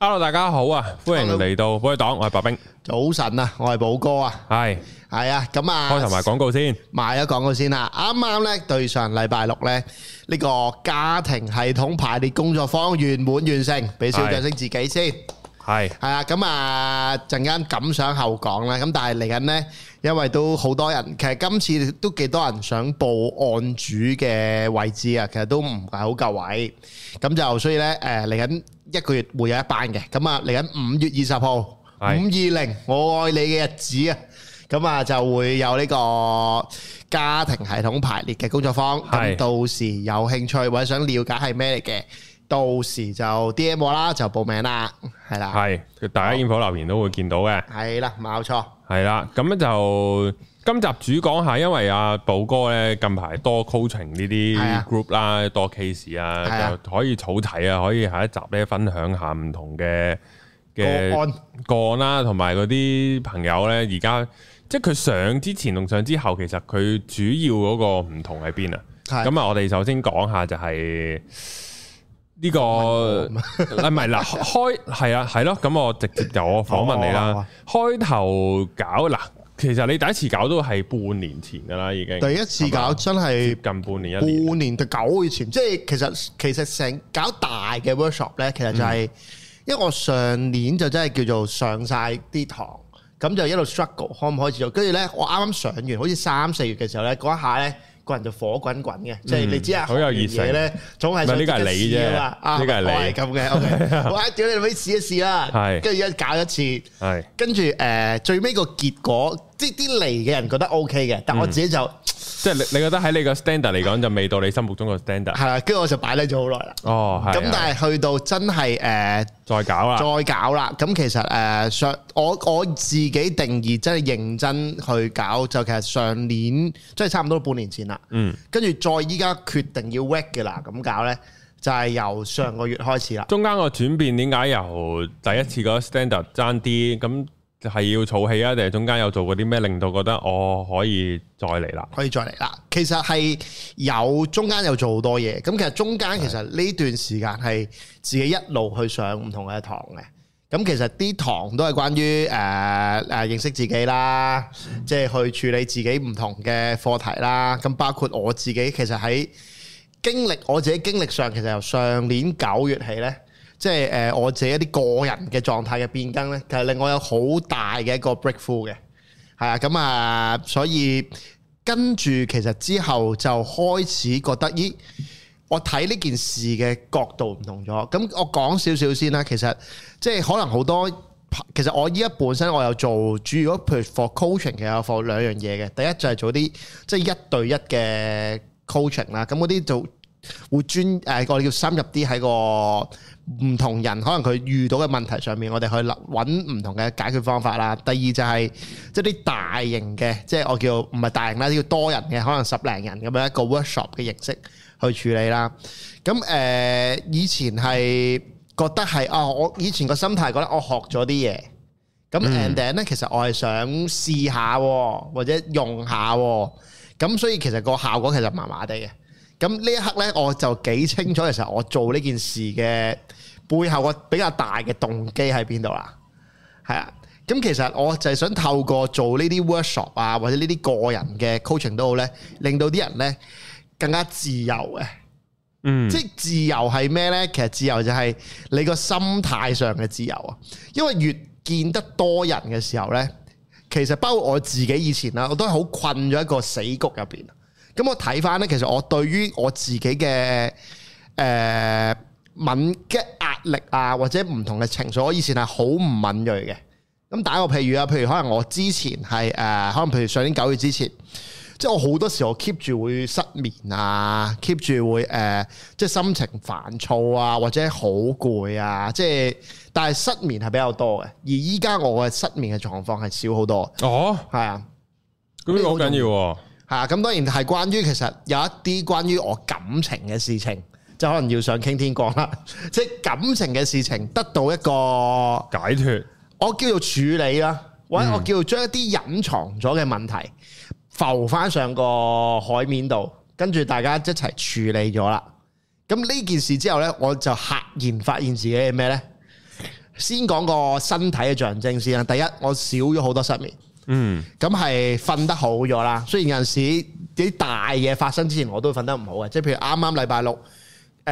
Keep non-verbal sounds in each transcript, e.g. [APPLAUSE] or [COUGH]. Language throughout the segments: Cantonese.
hello，大家好啊，歡迎嚟到寶藥黨，我係白兵。早晨啊，我係寶哥啊，係係啊，咁啊開頭賣廣告先，賣咗廣告先啊，啱啱咧對上禮拜六咧呢個家庭系統排列工作坊圓滿完成，俾小掌聲自己先，係係啊，咁啊陣間感想後講啦，咁但係嚟緊咧，因為都好多人，其實今次都幾多人想報案主嘅位置啊，其實都唔係好夠位，咁就所以咧誒嚟緊。一個月會有一班嘅，咁啊嚟緊五月二十號，五二零我愛你嘅日子啊，咁啊就會有呢個家庭系統排列嘅工作坊，咁到時有興趣或者想了解係咩嚟嘅，到時就 DM 我啦，就報名啦，係啦，係大家 inbox 留言都會見到嘅，係啦冇錯，係啦，咁樣就。今集主講下，因為阿寶哥呢近排多 coaching 呢啲 group 啦，啊，多 case 啊，就可以草睇啊，可以下一集呢分享下唔同嘅嘅個案啦，同埋嗰啲朋友呢，而家即係佢上之前同上之後，其實佢主要嗰個唔同喺邊啊？咁啊，我哋首先講下就係呢個啊，唔係嗱，開係啊，係咯，啊，咁我直接由我訪問你啦，開頭搞嗱。其實你第一次搞都係半年前㗎喇，已經第一次搞真係近半年一年，半年到九月前。即係其實其實成搞大嘅 workshop 咧，其實就係，嗯，因為我上年就真係叫做上晒啲堂，咁就一路 struggle，可唔可以做？跟住咧，我啱啱上完，好似三四月嘅時候咧，嗰一下咧。個人就火滾滾嘅，嗯、即係你知你啊，好有樣嘢咧，總係唔係呢個係你啫，呢個係你係咁嘅，OK，屌叫你咪試一試啦，係跟住一搞一次，係跟住誒最尾個結果，即係啲嚟嘅人覺得 OK 嘅，但我自己就。嗯即係你你覺得喺你個 standard 嚟講就未到你心目中個 standard，係啦，跟住我就擺低咗好耐啦。哦，咁但係去到真係誒，呃、再搞啦，再搞啦。咁其實誒、呃、上我我自己定義真係認真去搞，就其實上年即係、就是、差唔多半年前啦。嗯，跟住再依家決定要 work 嘅啦，咁搞咧就係、是、由上個月開始啦。中間個轉變點解由第一次個 standard 爭啲咁？嗯就係要儲氣啊，定係中間有做過啲咩令到覺得我可以再嚟啦？可以再嚟啦。其實係有，中間有做好多嘢。咁其實中間，其實呢段時間係自己一路去上唔同嘅堂嘅。咁其實啲堂都係關於誒誒認識自己啦，即係去處理自己唔同嘅課題啦。咁包括我自己，其實喺經歷我自己經歷上，其實由上年九月起呢。即係誒、呃，我自己一啲個人嘅狀態嘅變更呢，其實令我有好大嘅一個 breakthrough 嘅，係啊，咁啊、嗯，所以跟住其實之後就開始覺得，咦，我睇呢件事嘅角度唔同咗。咁、嗯、我講少少先啦，其實即係可能好多，其實我依家本身我有做，主要如果譬如 for coaching，其實有 for 兩樣嘢嘅。第一就係做啲即係一對一嘅 coaching 啦、啊，咁嗰啲就會專誒我哋叫深入啲喺個。唔同人可能佢遇到嘅問題上面，我哋去揾唔同嘅解決方法啦。第二就係即係啲大型嘅，即係我叫唔係大型啦，叫多人嘅，可能十零人咁樣一個 workshop 嘅形式去處理啦。咁誒、呃，以前係覺得係哦，我以前個心態覺得我學咗啲嘢。咁 and then 咧，嗯、and then，其實我係想試下或者用下。咁所以其實個效果其實麻麻地嘅。咁呢一刻呢，我就幾清楚其實我做呢件事嘅。背後個比較大嘅動機喺邊度啦？係啊，咁其實我就係想透過做呢啲 workshop 啊，或者呢啲個人嘅 coaching 都好咧，令到啲人咧更加自由嘅。嗯，即係自由係咩咧？其實自由就係你個心態上嘅自由啊。因為越見得多人嘅時候咧，其實包括我自己以前啦，我都係好困咗一個死局入邊。咁我睇翻咧，其實我對於我自己嘅誒。呃敏感壓力啊，或者唔同嘅情緒，我以前係好唔敏鋭嘅。咁打個譬如啊，譬如可能我之前係誒，可、呃、能譬如上年九月之前，即係我好多時候我 keep 住會失眠啊，keep 住會誒、呃，即係心情煩躁啊，或者好攰啊，即係但係失眠係比較多嘅。而依家我嘅失眠嘅狀況係少好多。哦，係啊，咁呢個好緊要喎。係啊，咁、啊、當然係關於其實有一啲關於我感情嘅事情。就可能要上《傾天光》啦，即係感情嘅事情得到一個解脱脫，我叫做處理啦。或者我叫做將一啲隱藏咗嘅問題浮翻上個海面度，跟住大家一齊處理咗啦。咁呢件事之後呢，我就赫然發現自己係咩呢？先講個身體嘅象徵先啦。第一，我少咗好多失眠，嗯，咁係瞓得好咗啦。雖然有陣時啲大嘢發生之前，我都瞓得唔好嘅，即係譬如啱啱禮拜六。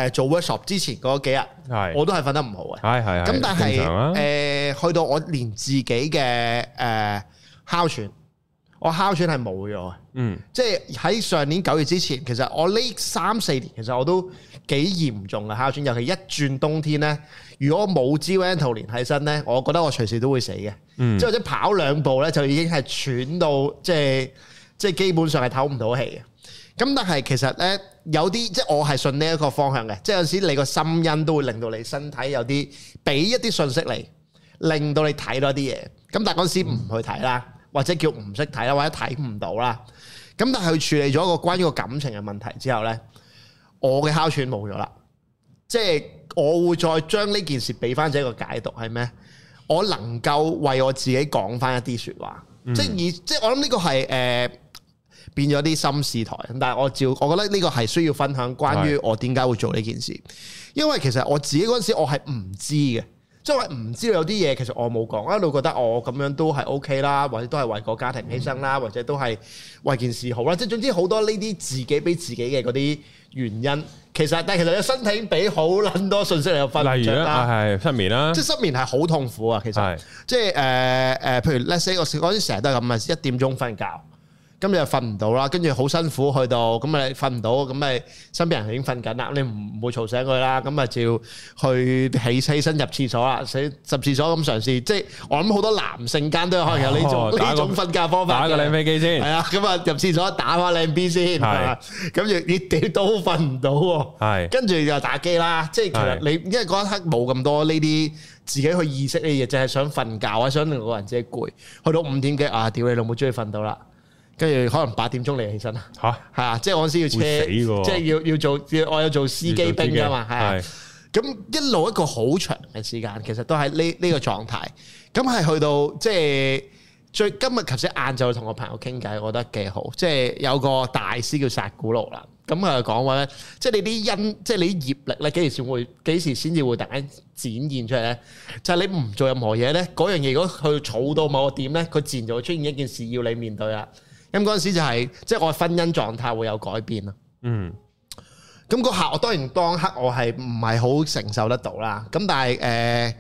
誒做 workshop 之前嗰幾日，是我都係瞓得唔好嘅。係係係。咁但係是誒、啊呃、去到我連自己嘅誒哮喘，我哮喘係冇咗嘅。嗯。即係喺上年九月之前，其實我呢三四年其實我都幾嚴重嘅哮喘。尤其一轉冬天咧，如果冇支 Ventolin 喺身咧，我覺得我隨時都會死嘅。嗯、即係或者跑兩步咧，就已經係喘到即係即係基本上係唞唔到氣。咁但係其實咧有啲即係我係信呢一個方向嘅，即係有時你個心音都會令到你身體有啲俾一啲訊息你，令到你睇多啲嘢。咁但係嗰時唔去睇啦，或者叫唔識睇啦，或者睇唔到啦。咁但係佢處理咗一個關於個感情嘅問題之後呢，我嘅哮喘冇咗啦。即係我會再將呢件事俾翻自己個解讀係咩？我能夠為我自己講翻一啲説話，嗯、即係而即係我諗呢個係誒。呃變咗啲心事台，但係我照，我覺得呢個係需要分享。關於我點解會做呢件事，是因為其實我自己嗰陣時我係唔知嘅，即係我唔知道有啲嘢，其實我冇講，一路覺得我咁樣都係 OK 啦，或者都係為個家庭犧牲啦，嗯、或者都係為件事好啦，即係總之好多呢啲自己俾自己嘅嗰啲原因，其實但係其實你身體俾好捻多信息你瞓，例如啦，係失眠啦、啊，即係失眠係好痛苦啊。其實是即係誒誒，譬如 let's say 我嗰陣時成日都係咁啊，一點鐘瞓覺。今日瞓唔到啦，跟住好辛苦去到，咁咪瞓唔到，咁咪身邊人已經瞓緊啦，你唔會嘈醒佢啦，咁咪照去起起身入廁所啦，洗入廁所咁嘗試。即係我諗好多男性間都有可能有呢種呢、哦、種瞓覺方法嘅打個靚飛機先，係啊，咁啊入廁所打返靚 B 先，咁就你屌都瞓唔到喎。係，跟住就打機啦。即係其實你因為嗰一刻冇咁多呢啲自己去意識啲嘢，就係想瞓覺啊，想令個人即係攰。去到五點幾啊，屌你老母終於瞓到啦！跟住可能八點鐘你起身啦，嚇嚇蛤，即係我先要車，死即係要要做，要我有做司機兵噶嘛，係咁的的一路一個好長嘅時間，其實都喺呢呢個狀態。咁係 [LAUGHS] 去到即係、就是、最今日頭先晏晝同我朋友傾偈，我覺得幾好。即、就、係、是、有個大師叫薩古魯啦，咁佢講話咧，即、就、係、是、你啲因，即、就、係、是、你啲業力咧，幾時先會幾時先至會突然展現出嚟咧？就係、是、你唔做任何嘢咧，嗰樣嘢如果佢儲到某個點咧，佢自然就會出現一件事要你面對啦。咁嗰陣時就係，即係我嘅婚姻狀態會有改變啦。嗯，咁嗰下我當然當刻我係唔係好承受得到啦。咁但係誒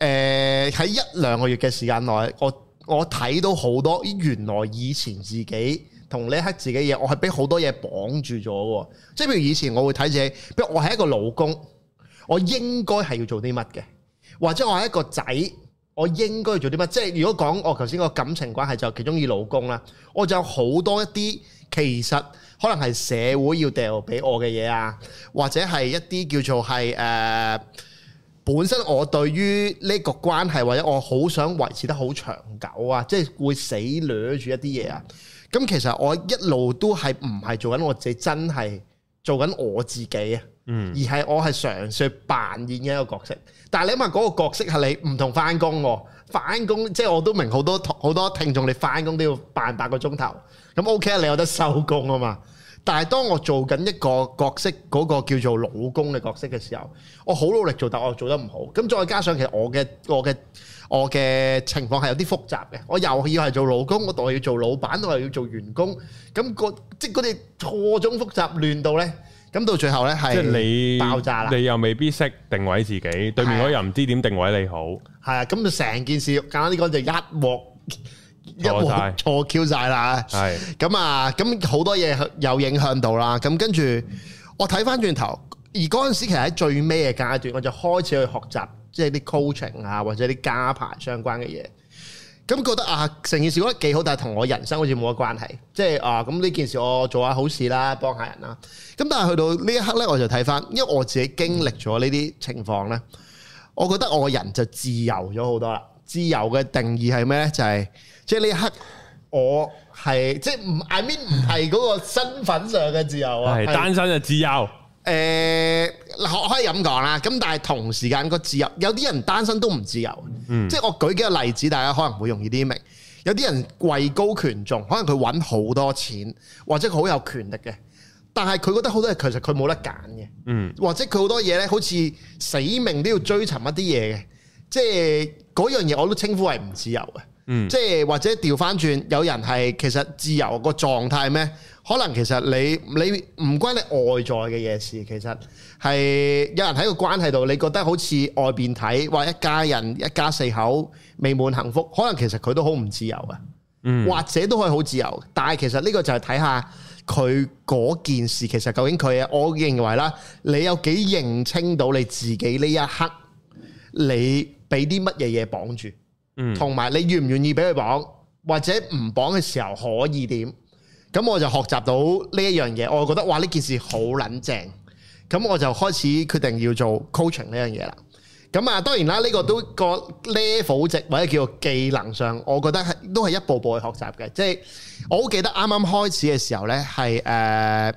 誒喺一兩個月嘅時間內，我我睇到好多原來以前自己同呢刻自己嘢，我係俾好多嘢綁住咗嘅。即係譬如以前我會睇自己，譬如我係一個老公，我應該係要做啲乜嘅，或者我係一個仔。我應該做啲乜？即係如果講我頭先個感情關係就其中意老公啦，我就有好多一啲其實可能係社會要掉俾我嘅嘢啊，或者係一啲叫做係誒、呃、本身我對於呢個關係或者我好想維持得好長久啊，即係會死掠住一啲嘢啊。咁其實我一路都係唔係做緊我自己，真係做緊我自己啊！嗯，而係我係嘗試扮演嘅一個角色，但係你諗下嗰個角色係你唔同翻工喎。翻工即係我都明好多同好多聽眾，你翻工都要扮八個鐘頭，咁 OK 你有得收工啊嘛。但係當我做緊一個角色嗰、嗰個叫做老公嘅角色嘅時候，我好努力做，但係我做得唔好。咁再加上其實我嘅我嘅我嘅情況係有啲複雜嘅，我又要係做老公，我又要做老闆，我又要做員工，咁、嗰個、即係嗰啲錯綜複雜，亂到呢。咁到最後咧，係你爆炸啦！你又未必識定位自己，對面嗰個人又唔知點定位你好。係啊，咁就成件事簡單啲講，就一鑊一鑊錯 Q 晒啦。係咁啊，咁好了多嘢有影響到啦。咁跟住我睇翻轉頭，而嗰陣時其實喺最尾嘅階段，我就開始去學習即係啲 coaching 啊，或者啲家排相關嘅嘢。咁覺得啊，成件事覺得幾好，但係同我人生好似冇乜關係。即係啊，咁呢件事我做下好事啦，幫下人啦。咁但係去到呢一刻咧，我就睇翻，因為我自己經歷咗呢啲情況咧，我覺得我人就自由咗好多啦。自由嘅定義係咩咧？就係、是、即係呢一刻我，我係即係唔，I mean 唔係嗰個身份上嘅自由啊，係單身嘅自由。嗯是誒嗱，我、呃、可以咁講啦。咁但係同時間個自由，有啲人單身都唔自由。嗯、即係我舉幾個例子，大家可能會容易啲明。有啲人位高權重，可能佢揾好多錢，或者佢好有權力嘅。但係佢覺得好多嘢其實佢冇得揀嘅。嗯，或者佢好多嘢呢好似死命都要追尋一啲嘢嘅。即係嗰樣嘢，我都稱呼為唔自由嘅。即係、嗯、或者掉返轉，有人係其實自由個狀態咩？可能其實你你唔關你外在嘅嘢事，其實係有人喺個關係度，你覺得好似外邊睇，話一家人一家四口未滿幸福，可能其實佢都好唔自由啊。嗯、或者都可以好自由，但係其實呢個就係睇下佢嗰件事，其實究竟佢我認為啦，你有幾認清到你自己呢一刻，你俾啲乜嘢嘢綁住？嗯，同埋你願唔願意俾佢綁，或者唔綁嘅時候可以點？咁我就學習到呢一樣嘢，我就覺得哇呢件事好冷靜。咁我就開始決定要做 coaching 呢樣嘢啦。咁啊，當然啦，呢、這個都個 level 值或者叫做技能上，我覺得係都係一步步去學習嘅。即、就、係、是、我好記得啱啱開始嘅時候呢係誒。呃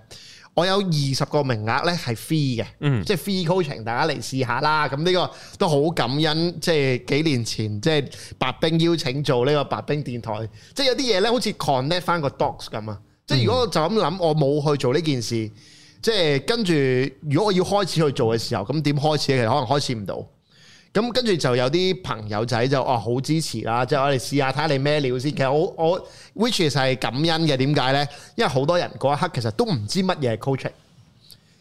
我有二十個名額咧，係 free 嘅，即係 free coaching，大家嚟試下啦。咁呢個都好感恩，即係幾年前即係白兵邀請做呢個白兵電台，即係有啲嘢呢好似 connect 翻個 docs 咁啊。即係如果我就咁諗，我冇去做呢件事，即係跟住如果我要開始去做嘅時候，咁點開始呢？其實可能開始唔到。咁跟住就有啲朋友仔就哇好支持啦，啊，即、就、係、是、我哋試下睇下你咩料先。其實我我 which is 係感恩嘅，點解呢？因為好多人嗰一刻其實都唔知乜嘢係 coaching，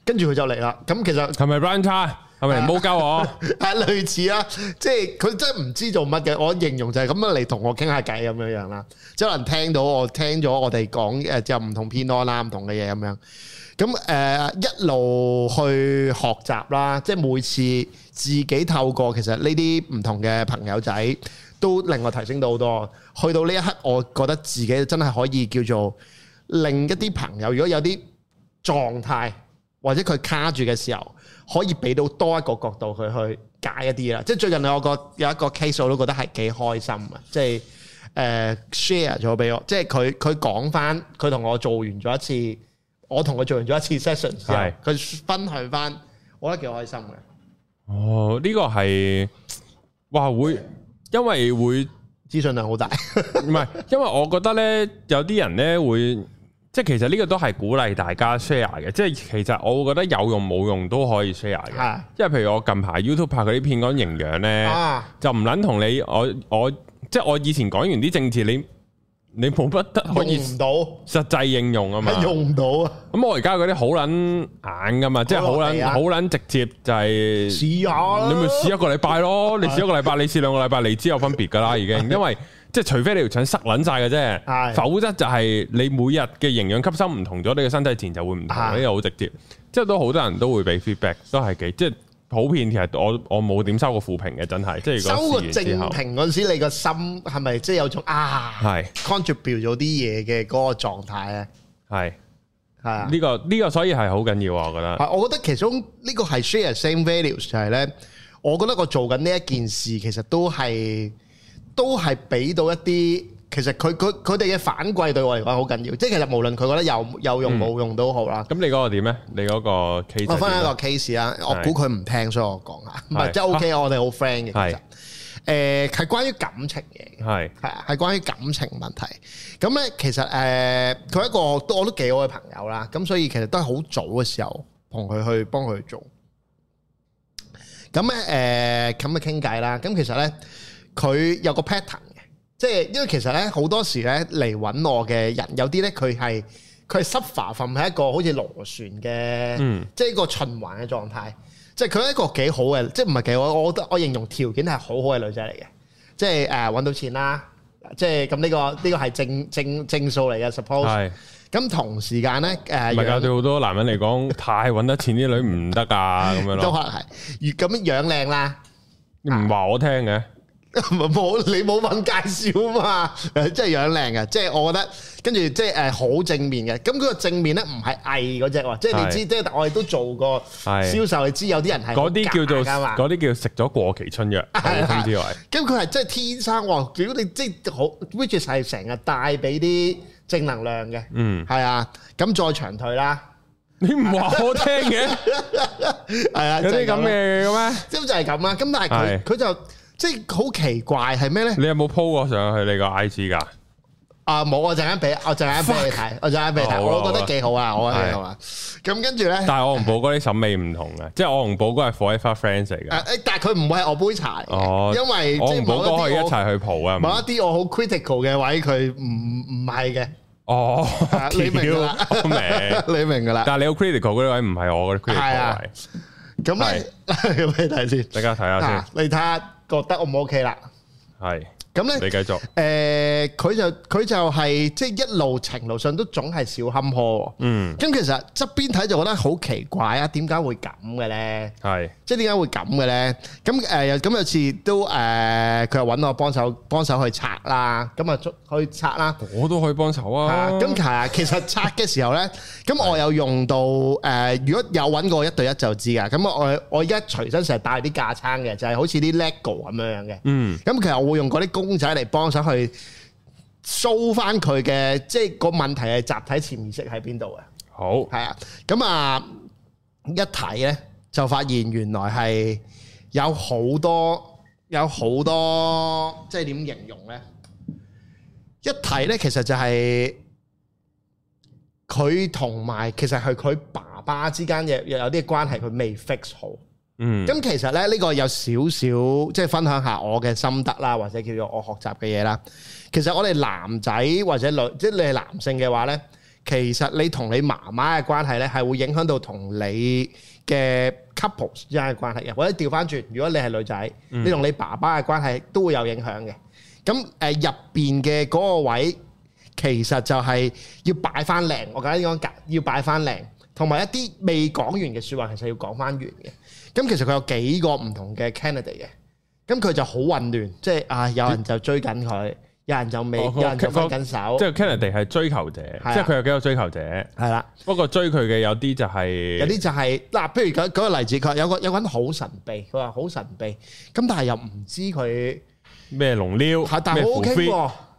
跟住佢就嚟啦。咁其實係咪 r a n t a 係咪唔好教我？係 [LAUGHS] 類似啦，啊，即係佢真係唔知做乜嘅。我形容就係咁樣，嚟同我傾下偈咁樣樣啦。即係可能聽到我聽咗我哋講誒，就唔同偏愛啦，唔同嘅嘢咁樣。咁誒、呃、一路去學習啦，即係每次。自己透過其實呢啲唔同嘅朋友仔都令我提升到好多。去到呢一刻，我覺得自己真係可以叫做令一啲朋友，如果有啲狀態或者佢卡住嘅時候，可以俾到多一個角度佢去解，解一啲啦。即係最近我個有一個 case 我都覺得係幾開心嘅，即係誒、呃、share 咗俾我，即係佢佢講翻佢同我做完咗一次，我同佢做完咗一次 session 之後佢是分享翻，我覺得幾開心嘅。哦，呢、這個係哇，會，因為會資訊量好大，唔 [LAUGHS] 係，因為我覺得咧，有啲人咧會，即係其實呢個都係鼓勵大家 share 嘅，即係其實我覺得有用冇用都可以 share 嘅，因為、啊、譬如我近排 YouTube 拍嗰啲片講營養咧，啊、就唔捻同你我我，即係我以前講完啲政治你。你冇乜得可以到實際應用啊嘛？用唔到啊！咁、嗯、我而家嗰啲好捻硬噶嘛，即係好捻好捻直接就係、是。試下你咪試一個禮拜咯，你試一個禮拜， [LAUGHS] 你試兩個禮拜，你知有分別噶啦，已經，因為 [LAUGHS] 即係除非你條腸塞捻晒嘅啫， [LAUGHS] 否則就係你每日嘅營養吸收唔同咗，你嘅身體前就會唔同，呢個好直接，即係都好多人都會俾 feedback，都係幾即係。普遍其實我我冇點收過負評嘅，真係。收個正評嗰時，你個心係咪即係有種啊？係 contribute 咗啲嘢嘅嗰個狀態咧。係係呢個呢個，所以係好緊要啊！我覺得。係，我覺得其中呢個係 share same values 就係咧。我覺得我做緊呢一件事，其實都係都係俾到一啲。其實佢佢佢哋嘅反饋對我嚟講好緊要，即係其實無論佢覺得有有用冇用都好啦。咁你嗰個點咧？你嗰個 case？我翻一個 case 啊，我估佢唔聽，所以我講下，唔係真 OK 啊，我哋好 friend 嘅，其實，誒係關於感情嘢，係係啊，係關於感情問題。咁咧其實誒，佢一個都我都幾好嘅朋友啦，咁所以其實都係好早嘅時候同佢去幫佢做。咁咧誒咁嘅傾偈啦，咁其實咧佢有個 pattern。即係因為其實咧，好多時咧，嚟揾我嘅人有啲咧，佢係佢係 suffer，瞓喺一個好似螺旋嘅，即係、嗯、一個循環嘅狀態。即係佢一個幾好嘅，即係唔係幾好。我覺得我，我形容條件係好好嘅女仔嚟嘅。即係誒揾到錢啦，即係咁呢個呢，呢個係正正正數嚟嘅。Suppose 係。咁同時間咧誒，唔係啊？對好多男人嚟講，太揾得錢啲女唔得噶，咁樣咯。都可能係，咁、嗯嗯嗯嗯嗯、樣樣靚啦。你唔話我聽嘅。唔冇，你冇搵介紹嘛？誒，即係樣靚嘅，即係我覺得跟住即係誒好正面嘅。咁佢個正面咧唔係偽嗰隻喎，即係你知，即係我哋都做過銷售，你知有啲人係嗰啲叫做嗰啲叫食咗過期春藥。咁之外，咁佢係真係天生喎。如果你即係好，which 係成日帶俾啲正能量嘅。嗯，係啊。咁再長腿啦，你唔話我聽嘅係啊？有啲咁嘅嘅咩？即係就係咁啊！咁但係佢佢就。即係好奇怪，係咩咧？你有冇 po 過上去你個 IG 噶？啊冇，我陣間俾，我陣間俾你睇，我陣間俾你睇，我覺得幾好啊！我係嘛？咁跟住咧，但係我同寶哥啲審美唔同嘅，即係我同寶哥係 forever friends 嚟嘅。但係佢唔會係我杯茶哦，因為我同寶哥可以一齊去蒲啊！某一啲我好 critical 嘅位，佢唔唔係嘅。哦，你明你明，你明噶啦。但係你好 critical 嗰啲位唔係我嘅 critical 位。咁你睇先，大家睇下先，你睇下。覺得我唔 OK 啦，係。咁咧，你繼續，誒佢就佢就係即係一路程路上都總係少坎坷，嗯。咁其實側邊睇就覺得好奇怪啊，點解會咁嘅咧？係，即係點解會咁嘅咧？咁誒，咁有次都誒，佢又揾我幫手幫手去拆啦，咁啊，去拆啦，我都可以幫手啊。咁係啊，其實其實拆嘅時候咧，咁我有用到誒，如果有揾過一對一就知噶。咁我我我而家隨身成日帶啲架撐嘅，就係好似啲 Lego 咁樣嘅，嗯。咁其實我會用嗰啲高公仔嚟幫手去掃翻佢嘅，即係個問題係集體潛意識喺邊度啊？好，係啊，咁啊一睇咧就發現原來係有好多有好多，即係點形容咧？一睇咧，其實就係佢同埋其實係佢爸爸之間嘅，又有啲關係，佢未 fix 好。嗯，咁其實咧呢個有少少即係分享下我嘅心得啦，或者叫做我學習嘅嘢啦。其實我哋男仔或者女，即係你係男性嘅話咧，其實你同你媽媽嘅關係咧係會影響到同你嘅 couple 之間嘅關係嘅。或者調翻轉，如果你係女仔，你同你爸爸嘅關係都會有影響嘅。咁誒入邊嘅嗰個位，其實就係要擺翻靚。我覺得應該要擺翻靚，同埋一啲未講完嘅說話，其實要講翻完嘅。咁其實佢有幾個唔同嘅 candidate 嘅，咁佢就好混亂，即係啊有人就追緊佢，有人就未，有人就分緊手。即係 candidate 係追求者，即係佢有幾個追求者，係啦。不過追佢嘅有啲就係，有啲就係嗱，譬如舉個例子，佢有個有個人好神秘，佢話好神秘，咁但係又唔知佢咩龍溜，但係 OK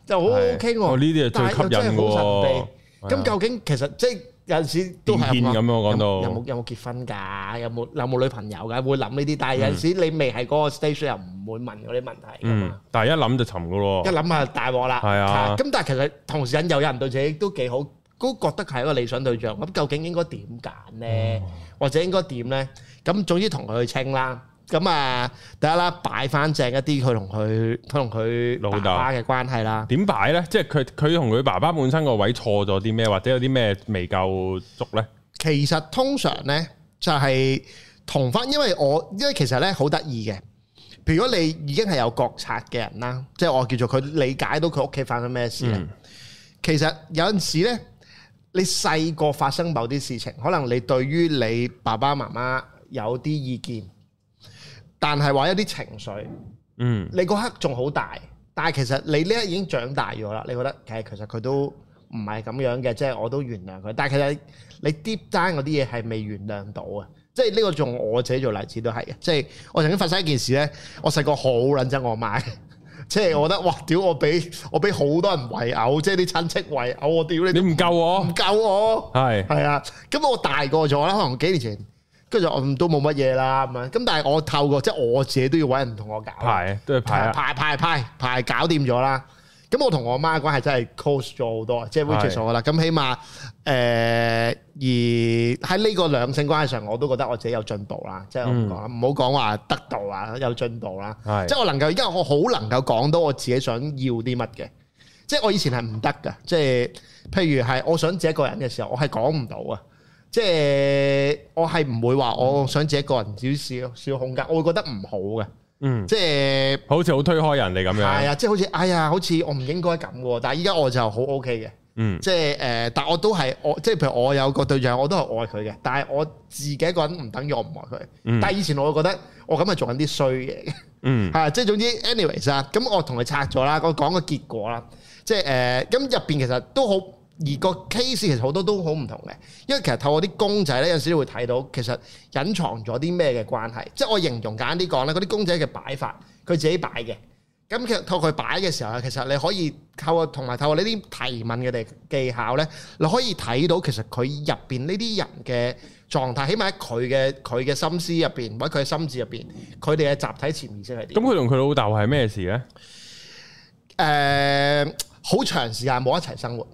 就好 OK 喎。呢啲係最吸引喎。咁究竟其實即係。有陣時都係咁咯，講到有冇有冇結婚㗎？有冇有冇女朋友㗎？會諗呢啲，但係有陣時你未係嗰個 stage，嗯、又唔會問嗰啲問題。嗯，但係一諗就沉噶咯，一諗啊，大鑊啦。係啊，咁、啊、但係其實同時引有人對自己都幾好，都覺得佢係一個理想對象。咁究竟應該點揀呢？嗯、或者應該點咧？咁總之同佢去清啦。咁啊，得啦，嗯，擺翻正一啲，佢同佢佢同佢老豆嘅關係啦。點擺呢？即係佢佢同佢爸爸本身個位錯咗啲咩，或者有啲咩未夠足呢？其實通常呢，就係同翻，因為我因為其實呢，好得意嘅。譬如果你已經係有覺察嘅人啦，即係我叫做佢理解到佢屋企發生咩事。嗯、其實有陣時呢，你細個發生某啲事情，可能你對於你爸爸媽媽有啲意見。但係話一啲情緒，嗯，你嗰刻仲好大，但係其實你呢一刻已經長大咗啦。你覺得，誒，其實佢都唔係咁樣嘅，即係我都原諒佢。但係其實你 deep down 嗰啲嘢係未原諒到啊，即係呢個仲我自己做例子都係嘅。即係我曾經發生一件事咧，我細個好撚憎我媽，即係我覺得哇，屌我俾我俾好多人圍毆，即係啲親戚圍毆我，我，屌你，你唔救我，唔救我，係係啊，咁我大個咗啦，可能幾年前。跟住我都冇乜嘢啦咁樣，咁但係我透過即係我自己都要搵人同我搞，排都係排排排排排搞掂咗啦。咁我同我媽嘅關係真係 close 咗好多，即係 which so 啦。咁起碼誒，而喺呢個兩性關係上，我都覺得我自己有進步啦。即係我唔講，唔好講話得到啊，有進步啦。即係我能夠，因為我好能夠講到我自己想要啲乜嘅。即係我以前係唔得㗎，即係譬如係我想自己一個人嘅時候，我係講唔到啊。即係我係唔會話我想自己個人少少少空間，我會覺得唔好嘅。嗯，即係好似好推開人哋咁樣。係啊，即係好似哎呀，好似我唔應該咁嘅。但係依家我就好 OK 嘅。嗯、即係誒、呃，但我都係我，即係譬如我有個對象，我都係愛佢嘅。但係我自己一個人唔等於我唔愛佢。嗯、但係以前我會覺得我咁係做緊啲衰嘢嘅。嗯。吓， [LAUGHS] 即係總之，anyways 啊，咁我同佢拆咗啦，我講個結果啦。即係誒，咁入邊其實都好。而個 case 其實好多都好唔同嘅，因為其實透過啲公仔咧，有陣時會睇到其實隱藏咗啲咩嘅關係。即係我形容簡單啲講咧，嗰啲公仔嘅擺法，佢自己擺嘅。咁其實透過佢擺嘅時候啊，其實你可以透過同埋透過呢啲提問嘅技巧咧，你可以睇到其實佢入邊呢啲人嘅狀態，起碼喺佢嘅佢嘅心思入邊或者佢嘅心智入邊，佢哋嘅集體潛意識係點？咁佢同佢老豆係咩事咧？誒、呃，好長時間冇一齊生活。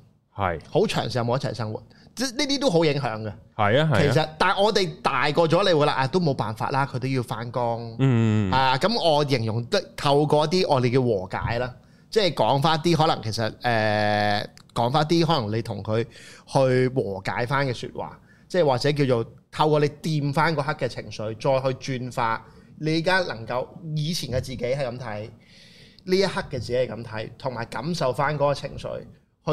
係好長時間冇一齊生活，即呢啲都好影響嘅。係、嗯、啊，係其實但係我哋大過咗你會啦，啊都冇辦法啦，佢都要返工。嗯啊，咁我形容得透過啲我哋嘅和解啦，即係講翻啲可能其實誒，講翻啲可能你同佢去和解翻嘅說話，即係或者叫做透過你掂翻嗰刻嘅情緒，再去轉化你而家能夠以前嘅自己係咁睇，呢一刻嘅自己係咁睇，同埋感受翻嗰個情緒。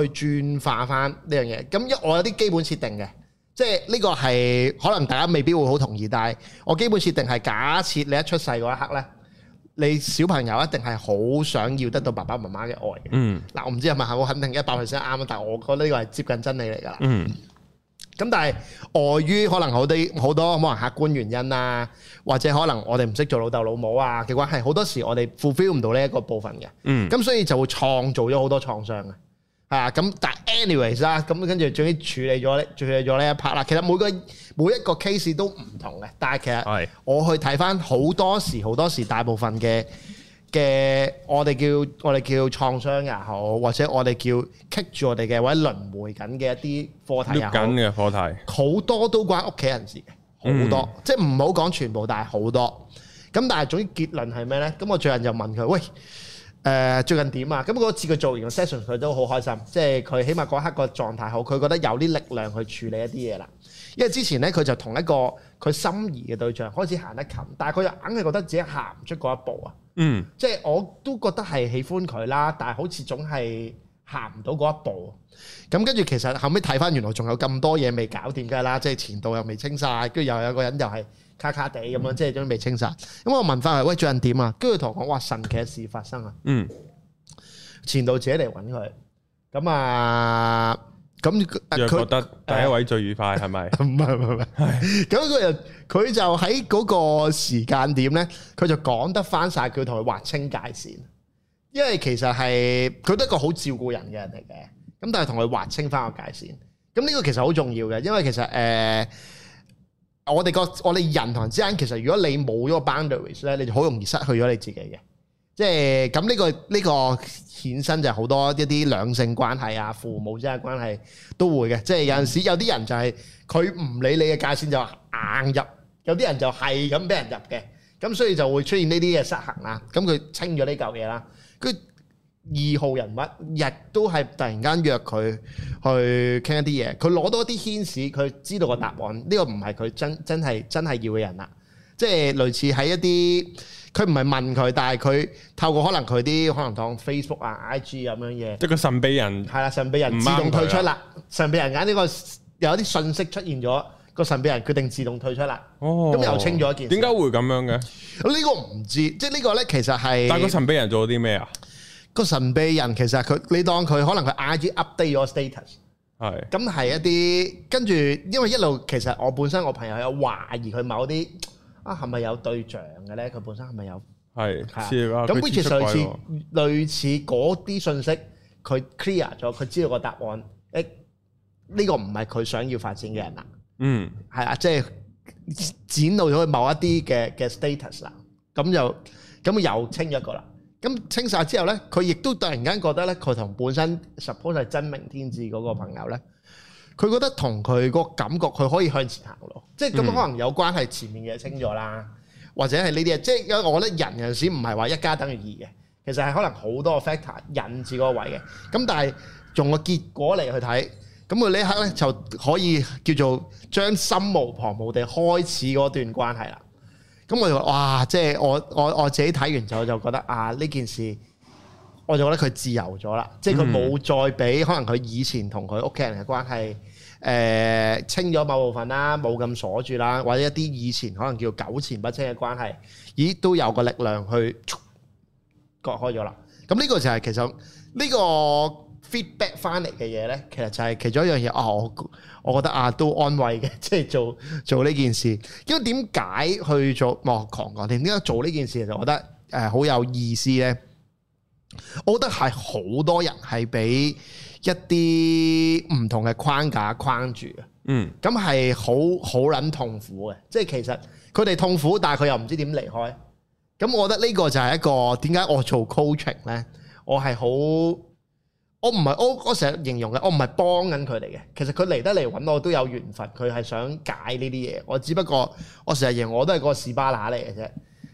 去轉化翻呢樣嘢，咁一我有啲基本設定嘅，即係呢個係可能大家未必會好同意，但係我基本設定係假設你一出世嗰一刻呢，你小朋友一定係好想要得到爸爸媽媽嘅愛嘅。嗯，嗱，我唔知係咪好肯定一百 percent 啱，但係我覺得呢個係接近真理嚟噶啦。嗯，咁但係礙於可能好多好多可能客觀原因啊，或者可能我哋唔識做老豆老母啊嘅關係，好多時我哋 fulfill 唔到呢一個部分嘅。嗯，咁所以就會創造咗好多創傷嘅。啊，咁但係 anyways 啦，咁跟住終於處理咗呢，處理咗呢一 part 啦。其實每個每一個 case 都唔同嘅，但係其實我去睇翻好多時，好多時大部分嘅嘅我哋叫我哋叫創傷也好，或者我哋叫棘住我哋嘅或者輪迴緊嘅一啲課題啊，緊嘅課題好多都關屋企人事嘅，好多即係唔好講全部，但係好多。咁但係總結論係咩呢？咁我最後就問佢，喂。誒，最近點啊？咁嗰次佢做完個 session，佢都好開心，即係佢起碼嗰刻個狀態好，佢覺得有啲力量去處理一啲嘢啦。因為之前呢，佢就同一個佢心儀嘅對象開始行得近，但係佢又硬係覺得自己行唔出嗰一步啊。嗯，即係我都覺得係喜歡佢啦，但係好似總係行唔到嗰一步。咁跟住其實後尾睇翻，原來仲有咁多嘢未搞掂㗎啦，即係前度又未清晒，跟住又有個人又係。卡卡地咁樣，即係將啲未清晒。咁、嗯、我問翻佢：喂，最近點啊？跟住同我講：哇，神奇嘅事發生、嗯、啊！嗯，前度姐嚟揾佢。咁啊，咁又覺得第一位最愉快係咪？唔係唔係唔係。咁佢又佢就喺嗰個時間點咧，佢就講得翻晒，佢同佢劃清界線。因為其實係佢都係一個好照顧人嘅人嚟嘅。咁但係同佢劃清翻個界線，咁呢個其實好重要嘅。因為其實誒。呃我哋個我哋人同人之間，其實如果你冇咗個 boundary 咧，你就好容易失去咗你自己嘅。即係咁呢個呢個衍生就係好多一啲兩性關係啊、父母之間關係都會嘅。即係有陣時有啲人就係佢唔理你嘅界線就硬入，有啲人就係咁俾人入嘅。咁所以就會出現呢啲嘅失衡啦。咁佢清咗呢嚿嘢啦。佢。二號人物亦都係突然間約佢去傾一啲嘢，佢攞多啲牽線，佢知道個答案。呢、這個唔係佢真真係真係要嘅人啦，即係類似喺一啲佢唔係問佢，但係佢透過可能佢啲可能當 Facebook 啊、IG 咁樣嘢。即係個神秘人係啦，神秘人自動退出啦。神秘人眼呢、這個有啲信息出現咗，個神秘人決定自動退出啦。咁、哦、又清咗一件。點解會咁樣嘅？呢個唔知，即係呢個咧，其實係。但個神秘人做咗啲咩啊？個神秘人其實佢，你當佢可能佢 I G update 咗 status，係，咁係一啲跟住，因為一路其實我本身我朋友有懷疑佢某啲啊係咪有對象嘅咧？佢本身係咪有係？咁好似類似類似嗰啲信息，佢 clear 咗，佢知道個答案。誒，呢個唔係佢想要發展嘅人啦。嗯，係啊，即係展露咗某一啲嘅嘅 status 啦。咁就咁又清咗一個啦。咁清晒之後咧，佢亦都突然間覺得咧，佢同本身 suppose 係真命天子嗰個朋友咧，佢覺得同佢個感覺，佢可以向前行咯。嗯、即係咁可能有關係，前面嘅清咗啦，或者係呢啲嘢。即係因為我覺得人有陣時唔係話一加等於二嘅，其實係可能好多個 factor 引致嗰位嘅。咁但係用個結果嚟去睇，咁佢呢刻咧就可以叫做將心無旁騖地開始嗰段關係啦。咁我話哇，即係我我我自己睇完之後就就覺得啊，呢件事我就覺得佢、就是自，啊、自由咗啦，即係佢冇再俾可能佢以前同佢屋企人嘅關係誒、呃、清咗某部分啦，冇咁鎖住啦，或者一啲以前可能叫糾纏不清嘅關係，咦都有個力量去割開咗啦。咁呢個就係其實呢、呢個。feedback 翻嚟嘅嘢呢，其實就係其中一樣嘢。哦，我覺得啊，都安慰嘅，即係做做呢件事。因為點解去做？莫狂講添。點解做呢件事？其實我覺得誒好有意思呢。我覺得係好多人係俾一啲唔同嘅框架框住啊。嗯，咁係好好撚痛苦嘅。即係其實佢哋痛苦，但係佢又唔知點離開。咁我覺得呢個就係一個點解我做 coaching 呢？我係好。我唔係我我成日形容嘅，我唔係幫緊佢哋嘅。其實佢嚟得嚟搵我都有緣分，佢係想解呢啲嘢。我只不過我成日認我都係個士巴拿嚟嘅啫。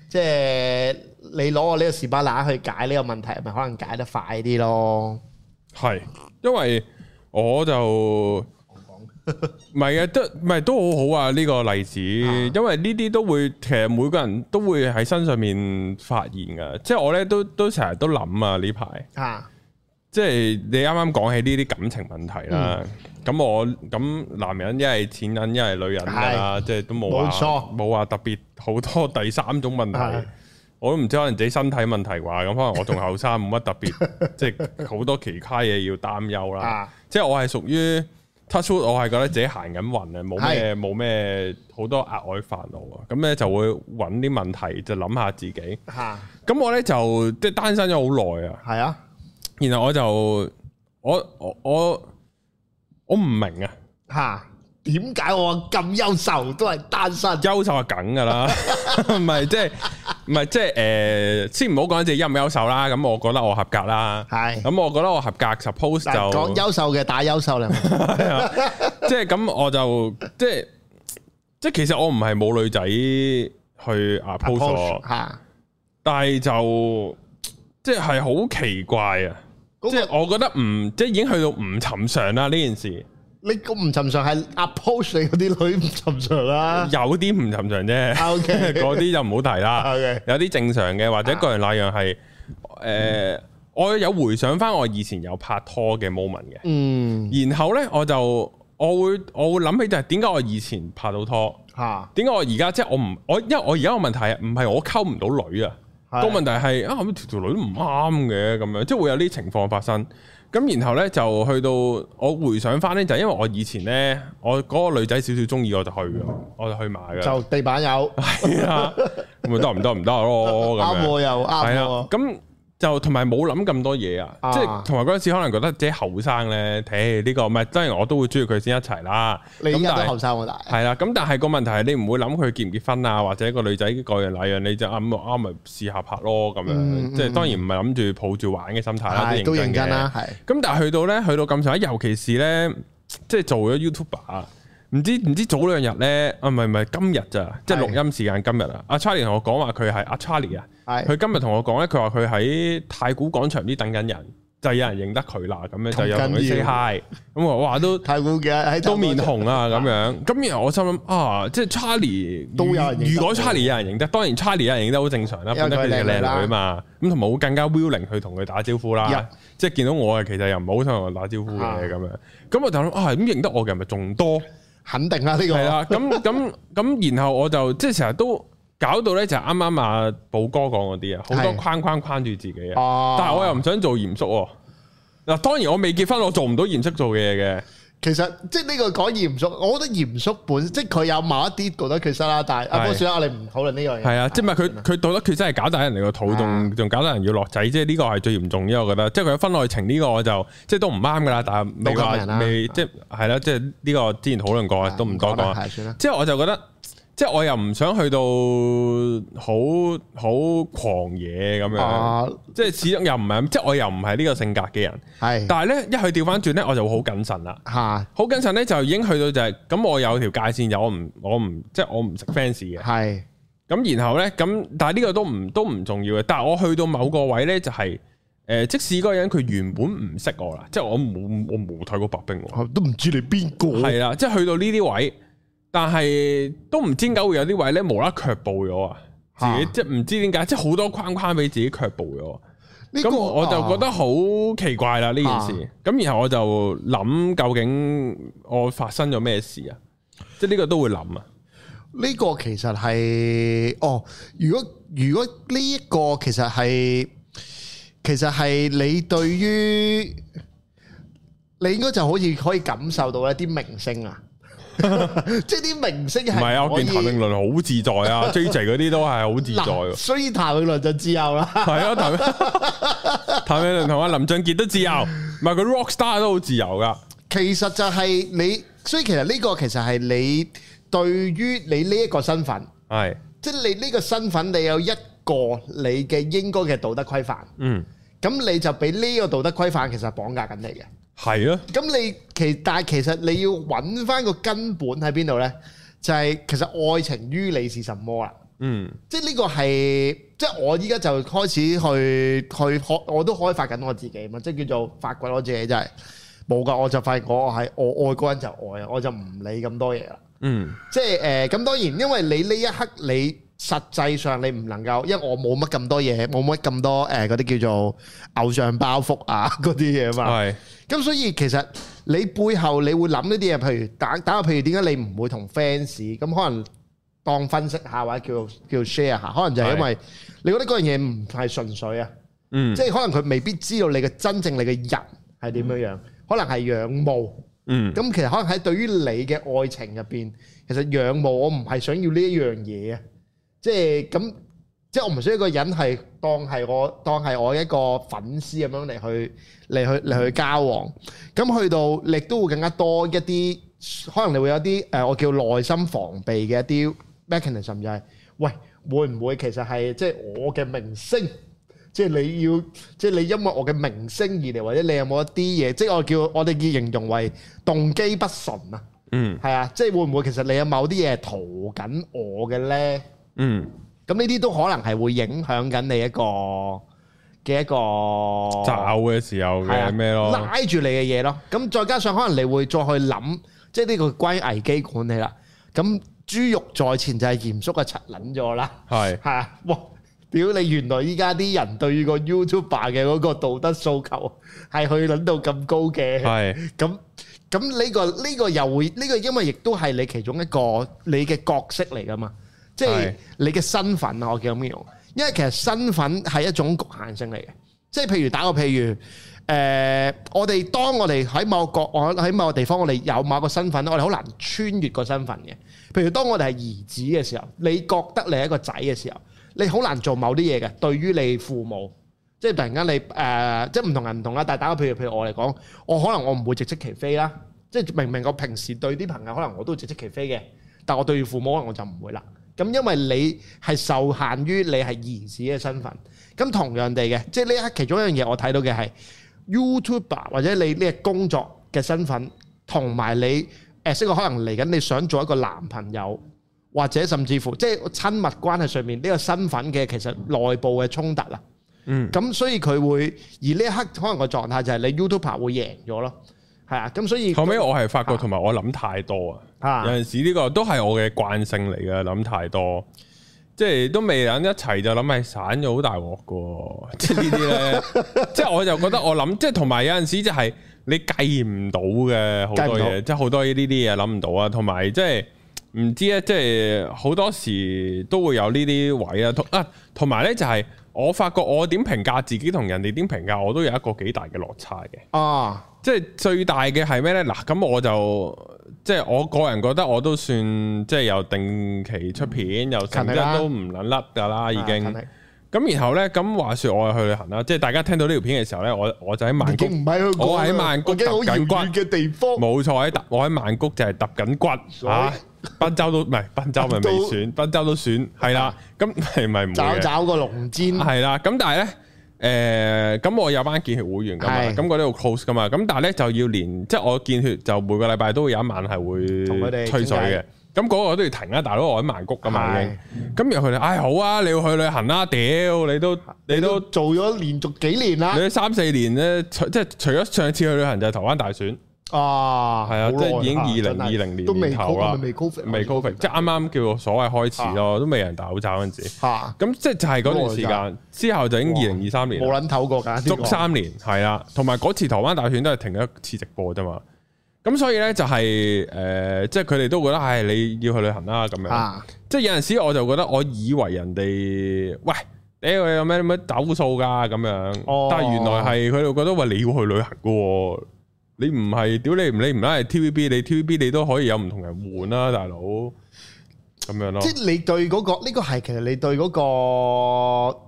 即係你攞我呢個士巴拿去解呢個問題，咪可能解，解得快啲咯。係，因為我就唔講，唔係 [LAUGHS] 啊，都唔係都好好啊呢個例子。因為呢啲都會其實每個人都會喺身上面發現噶。即係我咧都都成日都諗啊呢排啊。 [LAUGHS] 即係你啱啱講起呢啲感情問題啦，咁我咁男人一係錢銀一係女人啦，即係都冇冇話特別好多第三種問題，我都唔知可能自己身體問題啩，咁可能我仲後生冇乜特別，即係好多其他嘢要擔憂啦。即係我係屬於 touch，我係覺得自己行緊運啊，冇咩冇咩好多額外煩惱啊，咁咧就會揾啲問題就諗下自己。吓，咁我咧就即係單身咗好耐啊。係啊。然後我就我我我、啊、我唔明啊吓，點解我咁優秀都係單身？優秀係梗噶啦，唔係即係唔係即係誒，先唔好講只優唔優秀啦。咁我覺得我合格啦，係咁是我覺得我合格。suppose、 [LAUGHS] 啊、就優秀嘅打優秀啦，即係咁我就即係即係其實我唔係冇女仔去 post 啊 post，但係就即係好奇怪啊！即係我覺得唔，即係已經去到唔尋常啦呢件事。你咁唔尋常係 approach 嗰啲女唔尋常啦、啊，有啲唔尋常啫。OK，嗰啲 [LAUGHS] 就唔好提啦。OK，有啲正常嘅或者個人那樣係。誒、啊呃，我有回想翻我以前有拍拖嘅 moment 嘅。嗯，然後咧我就我會我會諗起就係點解我以前拍到拖吓？點解、啊、我而家即係我唔我，因為我而家個問題唔係我溝唔到女啊。個問題係啊，咁條條女都唔啱嘅咁樣，即係會有呢啲情況發生。咁然後咧就去到我回想返咧，就係、因為我以前咧，我嗰個女仔少少中意我就去㗎，我就去買㗎。就地板油係啊，咁咪得唔得？唔得咯。啱 [LAUGHS] 我又啱喎。咁。就同埋冇諗咁多嘢啊即！即係同埋嗰陣時可能覺得自己後生咧，睇、哎、呢、呢個唔係，當然我會都會中意佢先一齊啦。咁而家都後生好大係啦，咁但係個問題係你唔會諗佢結唔結婚啊，或者個女仔個樣禮樣，你就啊咁啊，咪、啊、試、啊、下拍咯咁樣。嗯嗯、即係當然唔係諗住抱住玩嘅心態啦、嗯嗯，都認真啦，係。咁但係去到咧，去到咁上下，尤其是咧，即係做咗 YouTuber。啊。唔知唔知早兩日咧，唔係唔係今日咋，即係錄音時間今日啊！阿 Charlie 同我講話佢係阿 Charlie 啊，佢今日同我講咧，佢話佢喺太古廣場啲等緊人，就有人認得佢啦，咁樣就有同佢 say hi，咁我話都太古嘅，都面紅啊咁樣。咁然我心諗啊，即係 Charlie 都有，如果 Charlie 有人認得，當然 Charlie 有人認得好正常啦，本身佢靚女啊嘛，咁同埋會更加 willing 去同佢打招呼啦。即係見到我啊，其實又唔好想同我打招呼嘅咁樣。咁我就諗啊，咁認得我嘅人咪仲多。肯定啦，呢個係啦，咁咁咁，然後我就即係成日都搞到咧，就啱啱啊寶哥講嗰啲啊，好多框框框住自己啊，是但係我又唔想做嚴肅喎，嗱，當然我未結婚，我做唔到嚴肅做嘅嘢嘅。其實即係呢個講嚴肅，我覺得嚴肅本即係佢有某一啲道德缺失啦。但阿寶唔好算啦，你唔討論呢樣嘢。係啊，即係佢佢道德缺失係搞大人哋個肚，仲仲搞到人要落仔，即係呢個係最嚴重因為，我覺得。即係佢婚外情呢個，我就即係都唔啱噶啦，但係未未即係係啦，即係呢個之前討論過，都唔多講。即係我就覺得。即係我又唔想去到好好狂野咁樣，啊、即係始終又唔係，即係我又唔係呢個性格嘅人。係是，但係咧一去調翻轉咧，我就會好謹慎啦。吓是，好謹慎咧就已經去到就係、是、咁，我有條界線，就是、我唔我唔即係我唔識 fans 嘅。係是，咁然後咧咁，但係呢個都唔都唔重要嘅。但係我去到某個位咧、就是，就係誒，即使嗰個人佢原本唔識我啦，即係我冇我冇睇過白兵，都唔知你邊個係啦。即係去到呢啲位。但係都唔知點解會有啲位咧，無啦啦卻步咗啊！自己即係唔知點解，即係好多框框俾自己卻步咗。呢咁、呢個、我就覺得好奇怪啦呢、啊、件事。咁然後我就諗，究竟我發生咗咩事啊？即係呢個都會諗啊。呢個其實係哦，如果如果呢一個其實係其實係你對於你應該就好似可以感受到一啲明星啊。 [LAUGHS] 即係啲明星係唔係啊？我見譚詠麟好自在啊，J J 嗰啲都係好自在。 [LAUGHS] 所以譚詠麟就自由啦。係啊，譚詠麟同阿林俊傑都自由。唔係個 rock star 都好自由㗎。其實就係你，所以其實呢個其實係你對於你呢一個身份係，即係是你呢個身份你有一個你嘅應該嘅道德規範。嗯，咁你就俾呢個道德規範，其實綁架緊你嘅。係啊，咁你其但係其實你要揾翻個根本喺邊度咧？就係、是、其實愛情於你是什麼啊？嗯，即個，即係呢個係即係我依家就開始去去學，我都開發緊我自己嘛，即係叫做發掘我自己真係冇噶，我就發覺我係我愛個人就愛啊，我就唔理咁多嘢啦。嗯即，即係誒咁當然，因為你呢一刻你。實際上你唔能夠，因為我冇乜咁多嘢，冇乜咁多誒嗰啲叫做偶像包袱啊，嗰啲嘢嘛。係。咁是所以其實你背後你會諗呢啲嘢，譬如打打個，譬如點解你唔會同 fans 咁可能當分析下或者叫叫 share 下，可能就係因為你覺得嗰樣嘢唔太純粹啊。嗯是。即係可能佢未必知道你嘅真正你嘅人係點樣樣，嗯、可能係仰慕。嗯。咁其實可能喺對於你嘅愛情入邊，其實仰慕我唔係想要呢一樣嘢啊。即係咁，即係我唔需要個人係當係我當係我一個粉絲咁樣嚟去嚟去嚟去交往，咁去到亦都會更加多一啲，可能你會有啲誒、呃，我叫內心防備嘅一啲 mechanism，就係、是、喂會唔會其實係即係我嘅明星，即、就、係、是、你要即係、就是、你因為我嘅明星而嚟，或者你有冇一啲嘢，即係我叫我哋叫形容為動機不純啊，嗯，係啊，即係會唔會其實你有某啲嘢係圖緊我嘅咧？嗯，咁呢啲都可能係會影響緊你一個嘅一個走嘅時候嘅咩咯，拉住你嘅嘢咯。咁再加上可能你會再去諗，即係呢個關於危機管理啦。咁豬肉在前就係嚴肅嘅，柒捻咗啦。係吓，哇！屌你，原來依家啲人對於個 YouTuber 嘅嗰個道德訴求係去捻到咁高嘅。係咁咁呢個呢個又會呢個，因為亦都係你其中一個你嘅角色嚟噶嘛。即係你嘅身份啊！我叫咩名？因為其實身份係一種局限性嚟嘅。即係譬如打個譬如，誒、呃，我哋當我哋喺某個國，我喺某個地方，我哋有某個身份，我哋好難穿越個身份嘅。譬如當我哋係兒子嘅時候，你覺得你係一個仔嘅時候，你好難做某啲嘢嘅。對於你父母，即係突然間你誒、呃，即係唔同人唔同啦。但係打個譬如，譬如我嚟講，我可能我唔會直直其飛啦。即係明明我平時對啲朋友，可能我都直直其飛嘅，但我對父母可能我就唔會啦。咁因為你係受限於你係現時嘅身份，咁同樣地嘅，即係呢一刻其中一樣嘢我睇到嘅係 YouTuber 或者你呢個工作嘅身份，同埋你即係可能嚟緊你想做一個男朋友，或者甚至乎即係親密關係上面呢個身份嘅其實內部嘅衝突啦，嗯，咁所以佢會而呢一刻可能個狀態就係你 YouTuber 會贏咗咯。係啊，咁所以後尾我係發覺同埋我諗太多啊。有陣、啊、時呢個都係我嘅慣性嚟嘅。諗太多，即係都未諗一齊就諗係散咗好大鑊噶，即係呢啲咧， [LAUGHS] 即係我就覺得我諗，即係同埋有陣時就係你計唔到嘅好多嘢到，即係好多呢啲啲嘢諗唔到啊，同埋即係唔知咧，即係好多時都會有呢啲位啊，同啊，同埋咧就係我發覺我點評價自己同人哋點評價，我都有一個幾大嘅落差嘅啊，即係最大嘅係咩咧嗱？咁我就。即係我個人覺得我都算即係又定期出片，又成日都唔撚甩㗎啦，已經。咁然後咧，咁話說我係去旅行啦，即係大家聽到呢條片嘅時候咧，我我就喺曼谷，我喺曼谷揼緊嘅地方。冇錯，喺我喺曼谷就係揼緊骨啊！檳州都唔係，檳州咪未選，檳州都選係啦。咁係咪唔？找找個龍尖係啦。咁但係咧。誒咁、呃、我有班健血會員噶嘛，咁嗰啲好 close 噶嘛，咁但係咧就要連，即、就、係、是、我健血就每個禮拜都會有一晚係會同佢哋吹水嘅，咁嗰個我都要停啦、啊，大佬我喺曼谷噶嘛已經，咁入去唉好啊，你要去旅行啦、啊，屌你都你都，你都做咗連續幾年啦，你三四年咧，即係除咗上次去旅行就係台灣大選。啊，係啊，即係已經二零二零年年頭啦，未 covid，即係啱啱叫所謂開始咯，都未人戴口罩嗰陣時，咁即係就係嗰段時間之後就已經二零二三年冇捻頭過噶，足三年係啦，同埋嗰次台灣大選都係停咗一次直播啫嘛，咁所以呢，就係誒，即係佢哋都覺得係你要去旅行啦咁樣，即係有陣時我就覺得我以為人哋喂，你有咩咩找數噶咁樣，但係原來係佢哋覺得喂，你要去旅行噶。你唔係屌你唔理唔拉係 TVB，你 TVB 你都可以有唔同人換啦，大佬咁樣咯。即係你對嗰個呢個係，其實你對嗰個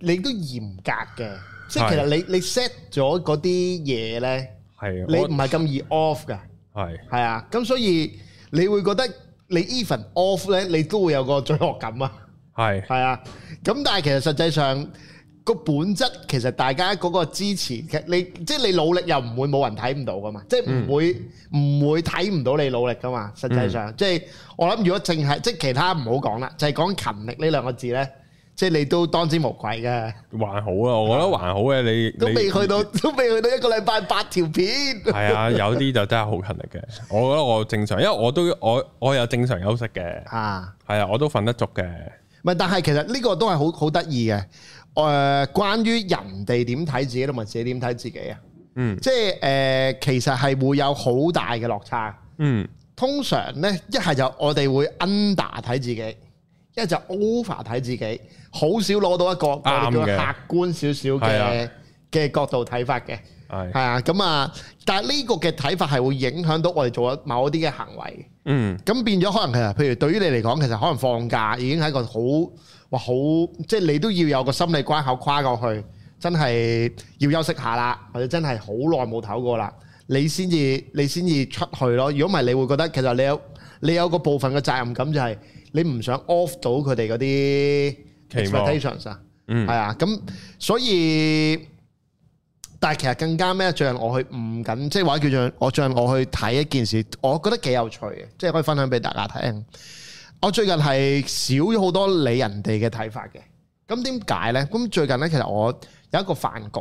你都嚴格嘅，即係其實你你 set 咗嗰啲嘢咧，係你唔係咁易 off 㗎，係係啊，咁所以你會覺得你 even off 咧，你都會有個罪惡感啊，係係啊，咁但係其實實際上。個本質其實大家嗰個支持，其實你即係你努力又唔會冇人睇唔到噶嘛，即係唔會唔會睇唔到你努力噶嘛。實際上，即係我諗，如果淨係即係其他唔好講啦，就係講勤力呢兩個字咧，即係你都當之無愧嘅。還好啊，我覺得還好嘅你都未去到，都未去到一個禮拜八條片。係啊，有啲就真係好勤力嘅。我覺得我正常，因為我都我我有正常休息嘅啊，係啊，我都瞓得足嘅。唔係，但係其實呢個都係好好得意嘅。誒、呃，關於人哋點睇自己同埋自己點睇自己啊，嗯，即係誒、呃，其實係會有好大嘅落差，嗯，通常呢，一係就我哋會 under 睇自己，一係就 over 睇自己，好少攞到一個我哋叫一個客觀少少嘅嘅角度睇法嘅，係啊、嗯，咁啊，但係呢個嘅睇法係會影響到我哋做某一啲嘅行為，嗯，咁變咗可能係，譬如對於你嚟講，其實可能放假已經係一個好。哇，好，即係你都要有個心理關口跨過去，真係要休息下啦，或者真係好耐冇唞過啦，你先至你先至出去咯。如果唔係，你會覺得其實你有你有個部分嘅責任感，就係你唔想 off 到佢哋嗰啲 expectations、嗯、啊，嗯，係啊，咁所以，但係其實更加咩？最近我去唔緊，即係或者叫做我最近我去睇一件事，我覺得幾有趣嘅，即係可以分享俾大家聽。我最近係少咗好多理人哋嘅睇法嘅，咁點解呢？咁最近呢，其實我有一個飯局，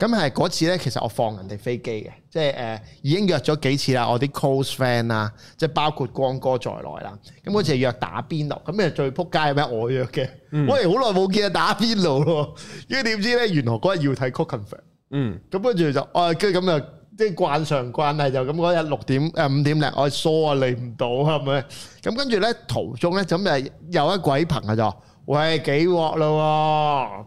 咁係嗰次呢，其實我放人哋飛機嘅，即係誒、呃，已經約咗幾次啦，我啲 close friend 啦，即係包括光哥在內啦，咁嗰次約打邊爐，咁啊最撲街係咩？我約嘅，嗯、喂，好耐冇見啊，打邊爐咯，因為點知呢，原來嗰日要睇 conference 嗯，咁跟住就啊，跟住咁啊。即係慣常慣例就咁嗰日六點，誒五點零我梳啊嚟唔到係咪？咁跟住咧，途中咧，咁咪有一鬼朋友就，喂幾鑊咯、啊？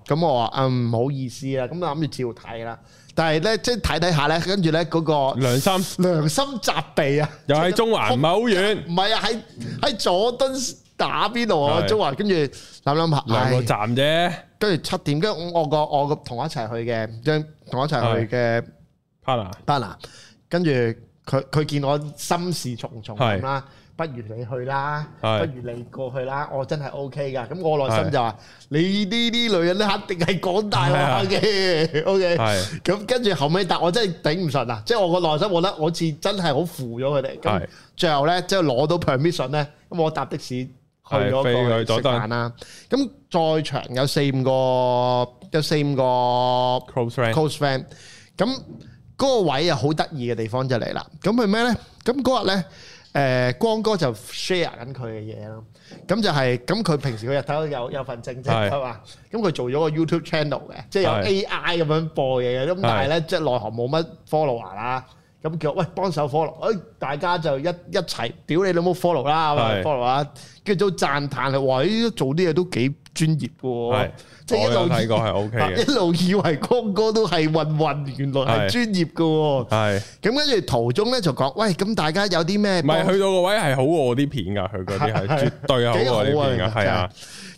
咁我話唔、嗯、好意思啊，咁諗住照睇啦、啊。但係咧即係睇睇下咧，跟住咧嗰個良心良心責備！啊，又喺中環唔係好遠，唔係 [LAUGHS] 啊喺喺佐敦打邊度啊是中環，跟住諗諗下兩個站啫，跟住七點跟住我個我同我，我一齊去嘅，跟同我一齊去嘅。巴拿巴拿，跟住佢佢見我心事重重咁啦，不如你去啦，不如你過去啦，我真係 O K 噶。咁我內心就話：你呢啲女人咧，一定係講大話嘅。O K，咁跟住後尾，但係我真係頂唔順啊！即係我個內心覺得，我似真係好負咗佢哋。係。最後咧，即係攞到 permission 咧，咁我搭的士去咗嗰度食飯啦。咁在場有四五個，有四五個 close friend，咁。嗰個位啊，好得意嘅地方就嚟啦！咁佢咩咧？咁嗰日咧，誒光哥就 share 緊佢嘅嘢咯。咁就係、是、咁，佢平時佢日頭有有份正職係嘛，咁佢是做咗個 YouTube channel 嘅，即係有 AI 咁樣播嘢嘅。咁是但係咧，即係內行冇乜 follower 啦是。咁、嗯、叫我喂幫手 follow，誒大家就一一齊屌你老母 follow 啦是，咁樣 follow 啊，叫做讚歎啦，哇！做啲嘢都幾專業喎，是即係一路睇過、OK 啊，一路以為哥哥都係混混，原來係專業嘅喎。咁跟住途中咧就講，喂，咁大家有啲咩？唔係去到個位係好餓啲片㗎，佢嗰啲係絕對好餓，啊 [LAUGHS] 的。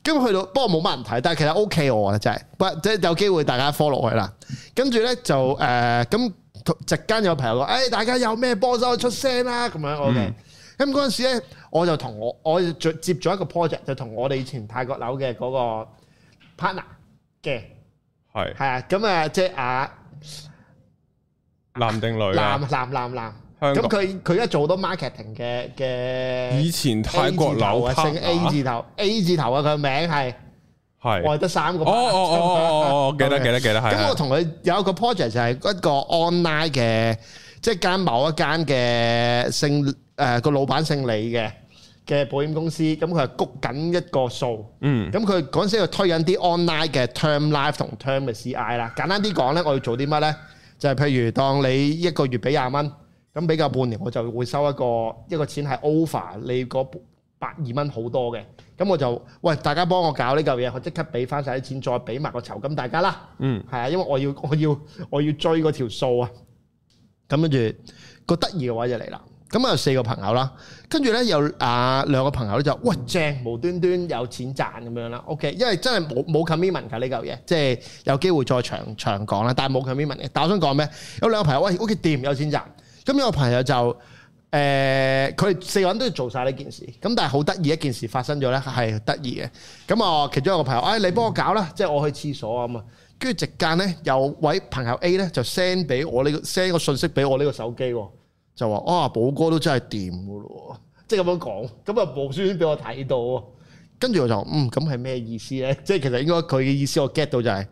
跟住去到，不過冇乜人睇，但係其實 OK 我啊，真係，不即係有機會大家 follow 我啦。跟住咧就誒，咁即間有朋友話，誒、哎、大家有咩波、啊嗯、就出聲啦，咁樣 OK。咁嗰陣時咧，我就同我我接咗一個 project，就同我哋以前泰國樓嘅嗰個 partner 嘅係係是啊，咁啊即係啊，男定女？男男男男。男咁佢佢一做到 marketing 嘅嘅以前泰國樓啊，姓 A 字頭，A 字頭啊，佢名係係，我係得三個哦哦哦哦哦，記得記得記得係。咁我同佢有一個 project 就係一個 online 嘅，即係間某一間嘅姓誒個老闆姓李嘅嘅保險公司。咁佢係谷緊一個數，嗯，咁佢嗰陣時佢推緊啲 online 嘅 term life 同 term 嘅 CI 啦。簡單啲講咧，我要做啲乜咧？就係譬如當你一個月俾廿蚊。咁比較半年，我就會收一個一個錢係 over 你嗰百二蚊好多嘅，咁我就喂大家幫我搞呢嚿嘢，我即刻俾翻晒啲錢，再俾埋個酬金大家啦。嗯，係啊，因為我要我要我要追嗰條數啊。咁跟住個得意嘅話就嚟啦。咁啊有四個朋友啦，跟住咧有啊兩個朋友咧就喂正，無端端有錢賺咁樣啦。OK，因為真係冇冇 commitment 噶呢嚿嘢，即係有機會再長長講啦，但係冇 commitment 嘅。但係我想講咩？有兩個朋友喂 OK 掂，有錢賺。咁有個朋友就誒，佢哋、呃、四個人都要做晒呢件事。咁但係好得意一件事發生咗咧，係得意嘅。咁啊，其中一個朋友，哎，你幫我搞啦，嗯、即係我去廁所啊嘛。跟住直間咧，有位朋友 A 咧就 send 俾我呢個 send 個信息俾我呢個手機，就話：啊、哦，寶哥都真係掂嘅咯，即係咁樣講。咁啊，無端端俾我睇到。跟住我就嗯，咁係咩意思咧？即係其實應該佢嘅意思，我 get 到就係、是。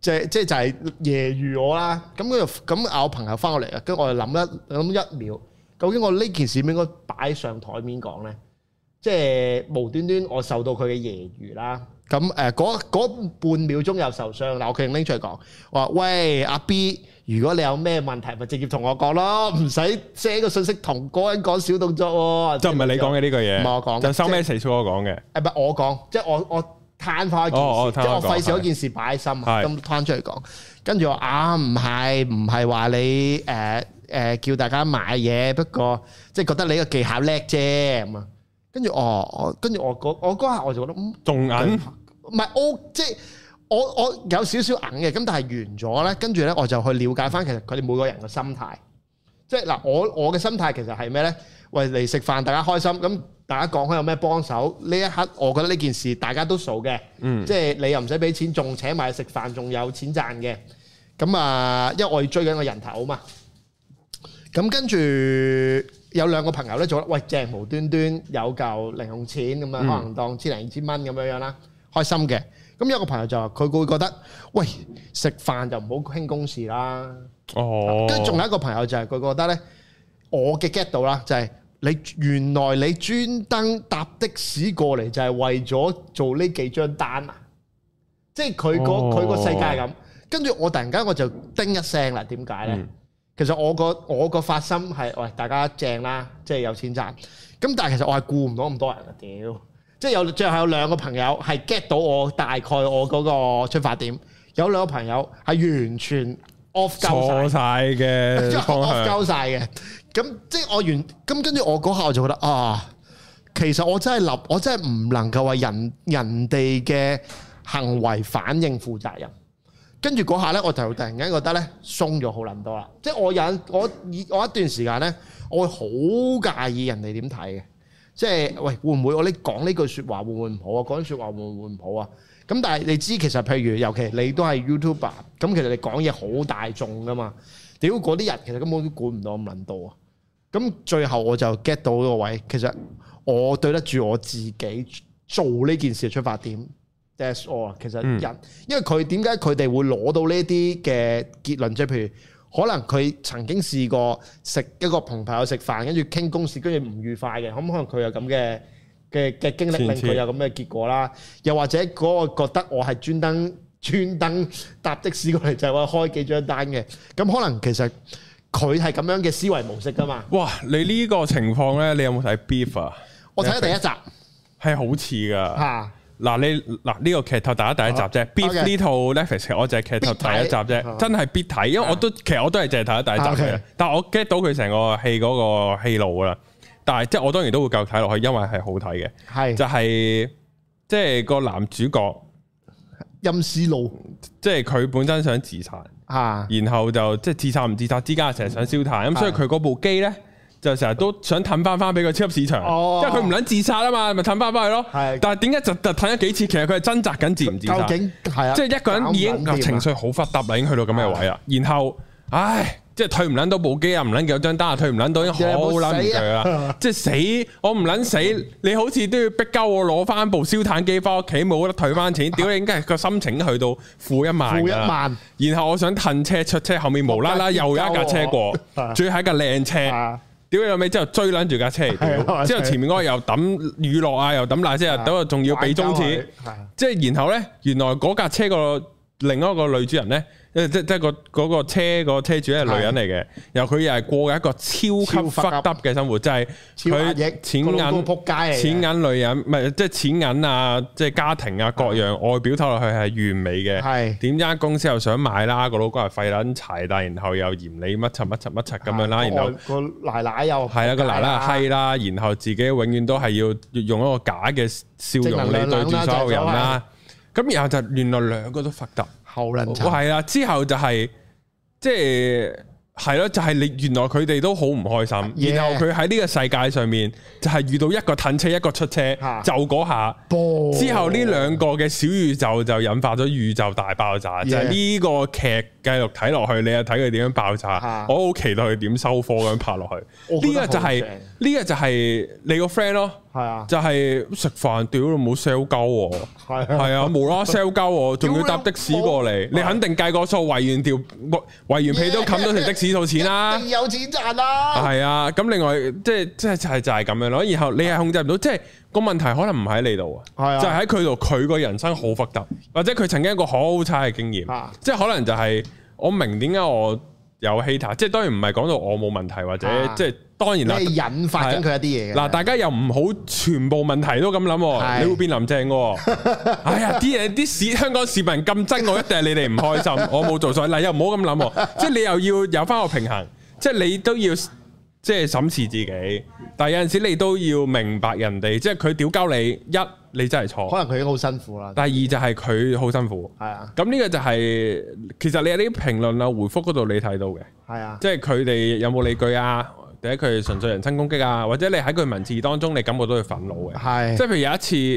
即即就係揶揄我啦，咁佢咁嗌朋友翻過嚟啊，跟住我又諗一諗一秒，究竟我呢件事應該擺上台面講呢？即係無端端我受到佢嘅揶揄啦，咁誒嗰嗰半秒鐘又受傷。嗱，我決定拎出嚟講，我話喂，阿 B，如果你有咩問題，咪直接同我講咯，唔使借個信息同嗰個人講小動作喎。就唔係你講嘅呢個嘢？唔係我講，就收咩細數我講嘅。誒唔係我講，即係我我。攤開件事，哦、即係我費事嗰件事擺喺心，咁攤出嚟講。跟住我啊，唔係唔係話你誒誒、呃呃、叫大家買嘢，不過即係覺得你個技巧叻啫咁啊。跟住、哦、我跟住我嗰我下我就覺得嗯仲硬，唔係我，我即係我我有少少硬嘅，咁但係完咗咧。跟住咧我就去了解翻其實佢哋每個人嘅心態，即係嗱我我嘅心態其實係咩咧？喂嚟食飯，大家開心咁，大家講開有咩幫手？呢一刻我覺得呢件事大家都傻嘅，嗯、即係你又唔使俾錢，仲請埋食飯，仲有錢賺嘅。咁啊，因為我要追緊個人頭啊嘛。咁跟住有兩個朋友咧，做得，喂正無端端有嚿零用錢，咁啊、嗯、可能當千零千蚊咁樣樣啦，開心嘅。咁有個朋友就話佢會覺得，喂食飯就唔好傾公事啦。哦，跟住仲有一個朋友就係、是、佢覺得呢，我嘅 get 到啦、就是，就係。你原來你專登搭的士過嚟就係為咗做呢幾張單啊！即係佢嗰個世界咁。跟住、哦、我突然間我就叮一聲啦。點解呢？嗯、其實我個我個發心係，喂大家正啦，即係有錢賺。咁但係其實我係顧唔到咁多人啊！屌，即係有最後有兩個朋友係 get 到我大概我嗰個出發點，有兩個朋友係完全 off 錯曬嘅晒嘅。咁即係我完，咁跟住我嗰下我就覺得啊，其實我真係立，我真係唔能夠為人人哋嘅行為反應負責任。跟住嗰下呢，我就突然間覺得呢鬆咗好撚多啦。即係我有我我一段時間呢，我會好介意人哋點睇嘅。即係喂，會唔會我呢講呢句説話會唔會唔好啊？講説話會唔會唔好啊？咁但係你知其實譬如，尤其你都係 YouTuber 咁，其實你講嘢好大眾㗎嘛。屌，嗰啲人其實根本都管唔到唔撚到啊！咁最後我就 get 到嗰個位，其實我對得住我自己做呢件事嘅出發點。That's all、嗯。其實人因為佢點解佢哋會攞到呢啲嘅結論啫？即係譬如可能佢曾經試過食一個同朋友食飯，跟住傾公事，跟住唔愉快嘅，可唔可能佢有咁嘅嘅嘅經歷次令佢有咁嘅結果啦？又或者嗰個覺得我係專登。專登搭的士過嚟就係話開幾張單嘅，咁可能其實佢係咁樣嘅思維模式噶嘛？哇！你呢個情況咧，你有冇睇 Beef 啊？我睇咗第一集，係好似噶。吓嗱，你嗱呢個劇透第一第一集啫。Beef 呢套 Netflix 我就係劇透第一集啫，真係必睇，因為我都其實我都係淨係睇咗第一集嘅，但係我 get 到佢成個戲嗰個戲路啦。但係即係我當然都會繼續睇落去，因為係好睇嘅。係就係即係個男主角。陰司路，即係佢本身想自殺，吓、啊，然後就即係自殺唔自殺之間，成日想燒炭，咁、嗯、所以佢嗰部機呢，就成日都想褪翻翻俾個超級市場，哦、因為佢唔想自殺啊嘛，咪褪翻翻去咯。的但係點解就就褪咗幾次？其實佢係掙扎緊自唔自殺，究竟係啊？即係一個人已經想想、啊、情緒好發達啦，已經去到咁嘅位啦。的然後，唉。即係退唔捻到部機啊，唔捻到張單啊，退唔捻到已經好捻唔對啦。即係死，我唔捻死，你好似都要逼鳩我攞翻部燒炭機翻屋企，冇得退翻錢。屌你，應該係個心情去到負一萬。負一萬，然後我想褪車出車，後面無啦啦又有一架車過，最係一架靚車。屌你老味之後追捻住架車，之後前面嗰個又抌雨落啊，又抌爛車，等我仲要俾終止。即係然後咧，原來嗰架車個另一個女主人咧。因即即個嗰個車個車主係女人嚟嘅，然後佢又係過嘅一個超級 fuck up 嘅生活，即係佢錢銀仆街，錢銀女人咪即係錢銀啊，即係家庭啊各樣外表透落去係完美嘅。點知間公司又想買啦？個老公係廢撚柴，但然後又嫌你乜柒乜柒乜柒咁樣啦，然後個奶奶又係啊個奶奶係閪啦，然後自己永遠都係要用一個假嘅笑容嚟對住所有人啦。咁然後就原來兩個都 fuck up 係啦、哦啊，之後就係、是、即係係咯，就係、是、你原來佢哋都好唔開心，Yeah. 然後佢喺呢個世界上面就係遇到一個褪車一個出車，哈就嗰下，之後呢兩個嘅小宇宙就引發咗宇宙大爆炸，即係呢個劇繼續睇落去，你又睇佢點樣爆炸，哈我好期待佢點收科咁拍落去，呢 [LAUGHS] 覺得 個就係、是、呢棒個就係你個 friend 咯。係啊，就係食飯屌你冇 sell 夠，係係啊，無啦 sell 夠，仲要搭的士過嚟，你肯定計個數，圍完條圍完皮都冚咗條的士數錢啦，有錢賺啦，係啊，咁另外即係即係就係就係咁樣咯，然後你係控制唔到，即係個問題可能唔喺你度啊，就喺佢度，佢個人生好複雜，或者佢曾經一個好差嘅經驗，即係可能就係我明點解我有 hater 即係當然唔係講到我冇問題或者即係。當然啦，係引發緊佢一啲嘢。嗱，大家又唔好全部問題都咁諗、哦，的你會變林鄭嘅、哦。 [LAUGHS] 哎呀，啲嘢啲市香港市民咁憎我， [LAUGHS] 一定係你哋唔開心。我冇做錯，嗱又唔好咁諗， [LAUGHS] 即係你又要有返個平衡，即、就、係、是、你都要即係、就是、審視自己。但係有陣時你都要明白人哋，即係佢屌鳩你一，你真係錯。可能佢已經好辛苦啦。第二就係佢好辛苦。係啊的。咁呢個就係、是、其實你喺啲評論啊回覆嗰度你睇到嘅。係啊。即係佢哋有冇理據啊？第一佢係純粹人身攻擊啊，或者你喺佢文字當中，你感覺到佢憤怒嘅，係即係譬如有一次，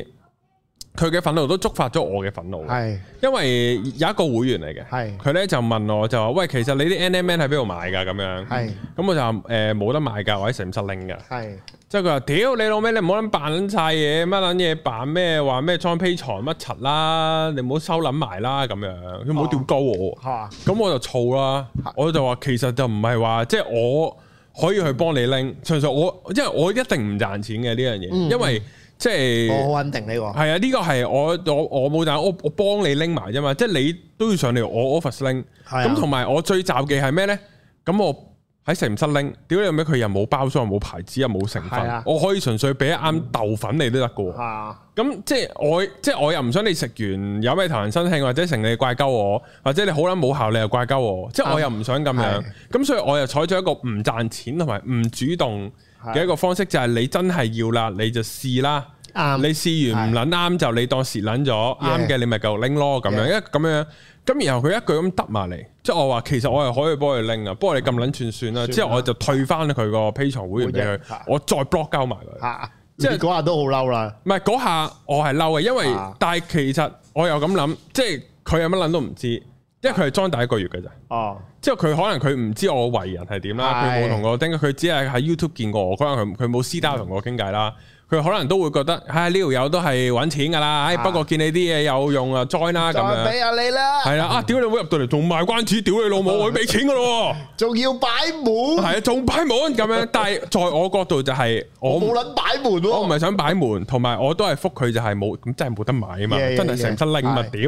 佢嘅憤怒都觸發咗我嘅憤怒，係是因為有一個會員嚟嘅，係佢咧就問我就話喂，其實你啲 NMN 喺邊度買㗎咁樣，係咁是我就誒冇得買㗎，或者成唔失靈㗎，即係佢話屌你老味，你唔好諗扮晒嘢，乜撚嘢扮咩話咩裝披床乜柒啦，你唔好收撚埋啦咁樣，佢唔好屌高我，係咁、哦、我就燥啦、嗯，我就話其實就唔係話即係我。就是可以去幫你拎，純粹我，因為我一定唔賺錢嘅呢樣嘢，嗯、因為、嗯、即係是我好肯定呢個，係啊，呢、呢個係我我我冇賺，我我，我，我幫你拎埋啫嘛，即係你都要上嚟我 office 拎，咁同埋我最罩嘅係咩咧？咁我。喺食唔室拎，屌你有咩？佢又冇包裝，又冇牌子，又冇成分。我可以純粹俾一啱豆粉你都得嘅。咁即係我，即係我又唔想你食完有咩頭痕身慶，或者成你怪鳩我，或者你好撚冇效，你又怪鳩我。即係我又唔想咁樣，咁所以我又採取一個唔賺錢同埋唔主動嘅一個方式，就係你真係要啦，你就試啦。你試完唔撚啱就你當蝕撚咗，啱嘅你咪夠拎咯。咁樣，因為咁樣。咁然後佢一句咁得埋嚟，即、就、係、是、我話其實我係可以幫佢拎啊，不過、嗯、你咁撚串算啦。算了之後我就退翻咧佢個 Patreon 會員俾佢，好我再 block 交埋佢。即係嗰下都好嬲啦，唔係嗰下我係嬲嘅，因為、啊、但係其實我又咁諗，即係佢有乜諗都唔知，因為佢係裝第一個月嘅咋。哦、啊，即係佢可能佢唔知我為人係點啦，佢冇同我，叮，佢只係喺 YouTube 見過我，可能佢佢冇私單同我傾偈啦。嗯佢可能都會覺得，唉，呢條友都係揾錢㗎啦，不過見你啲嘢有用啊，join 啦咁樣，俾下你啦，係啦，啊屌你老母入到嚟仲賣關子，屌你老母，我俾錢㗎咯，仲要擺門，係啊仲擺門咁樣，但係在我角度就係我冇撚擺門，我唔係想擺門，同埋我都係復佢就係冇真係冇得買啊嘛，真係成身拎物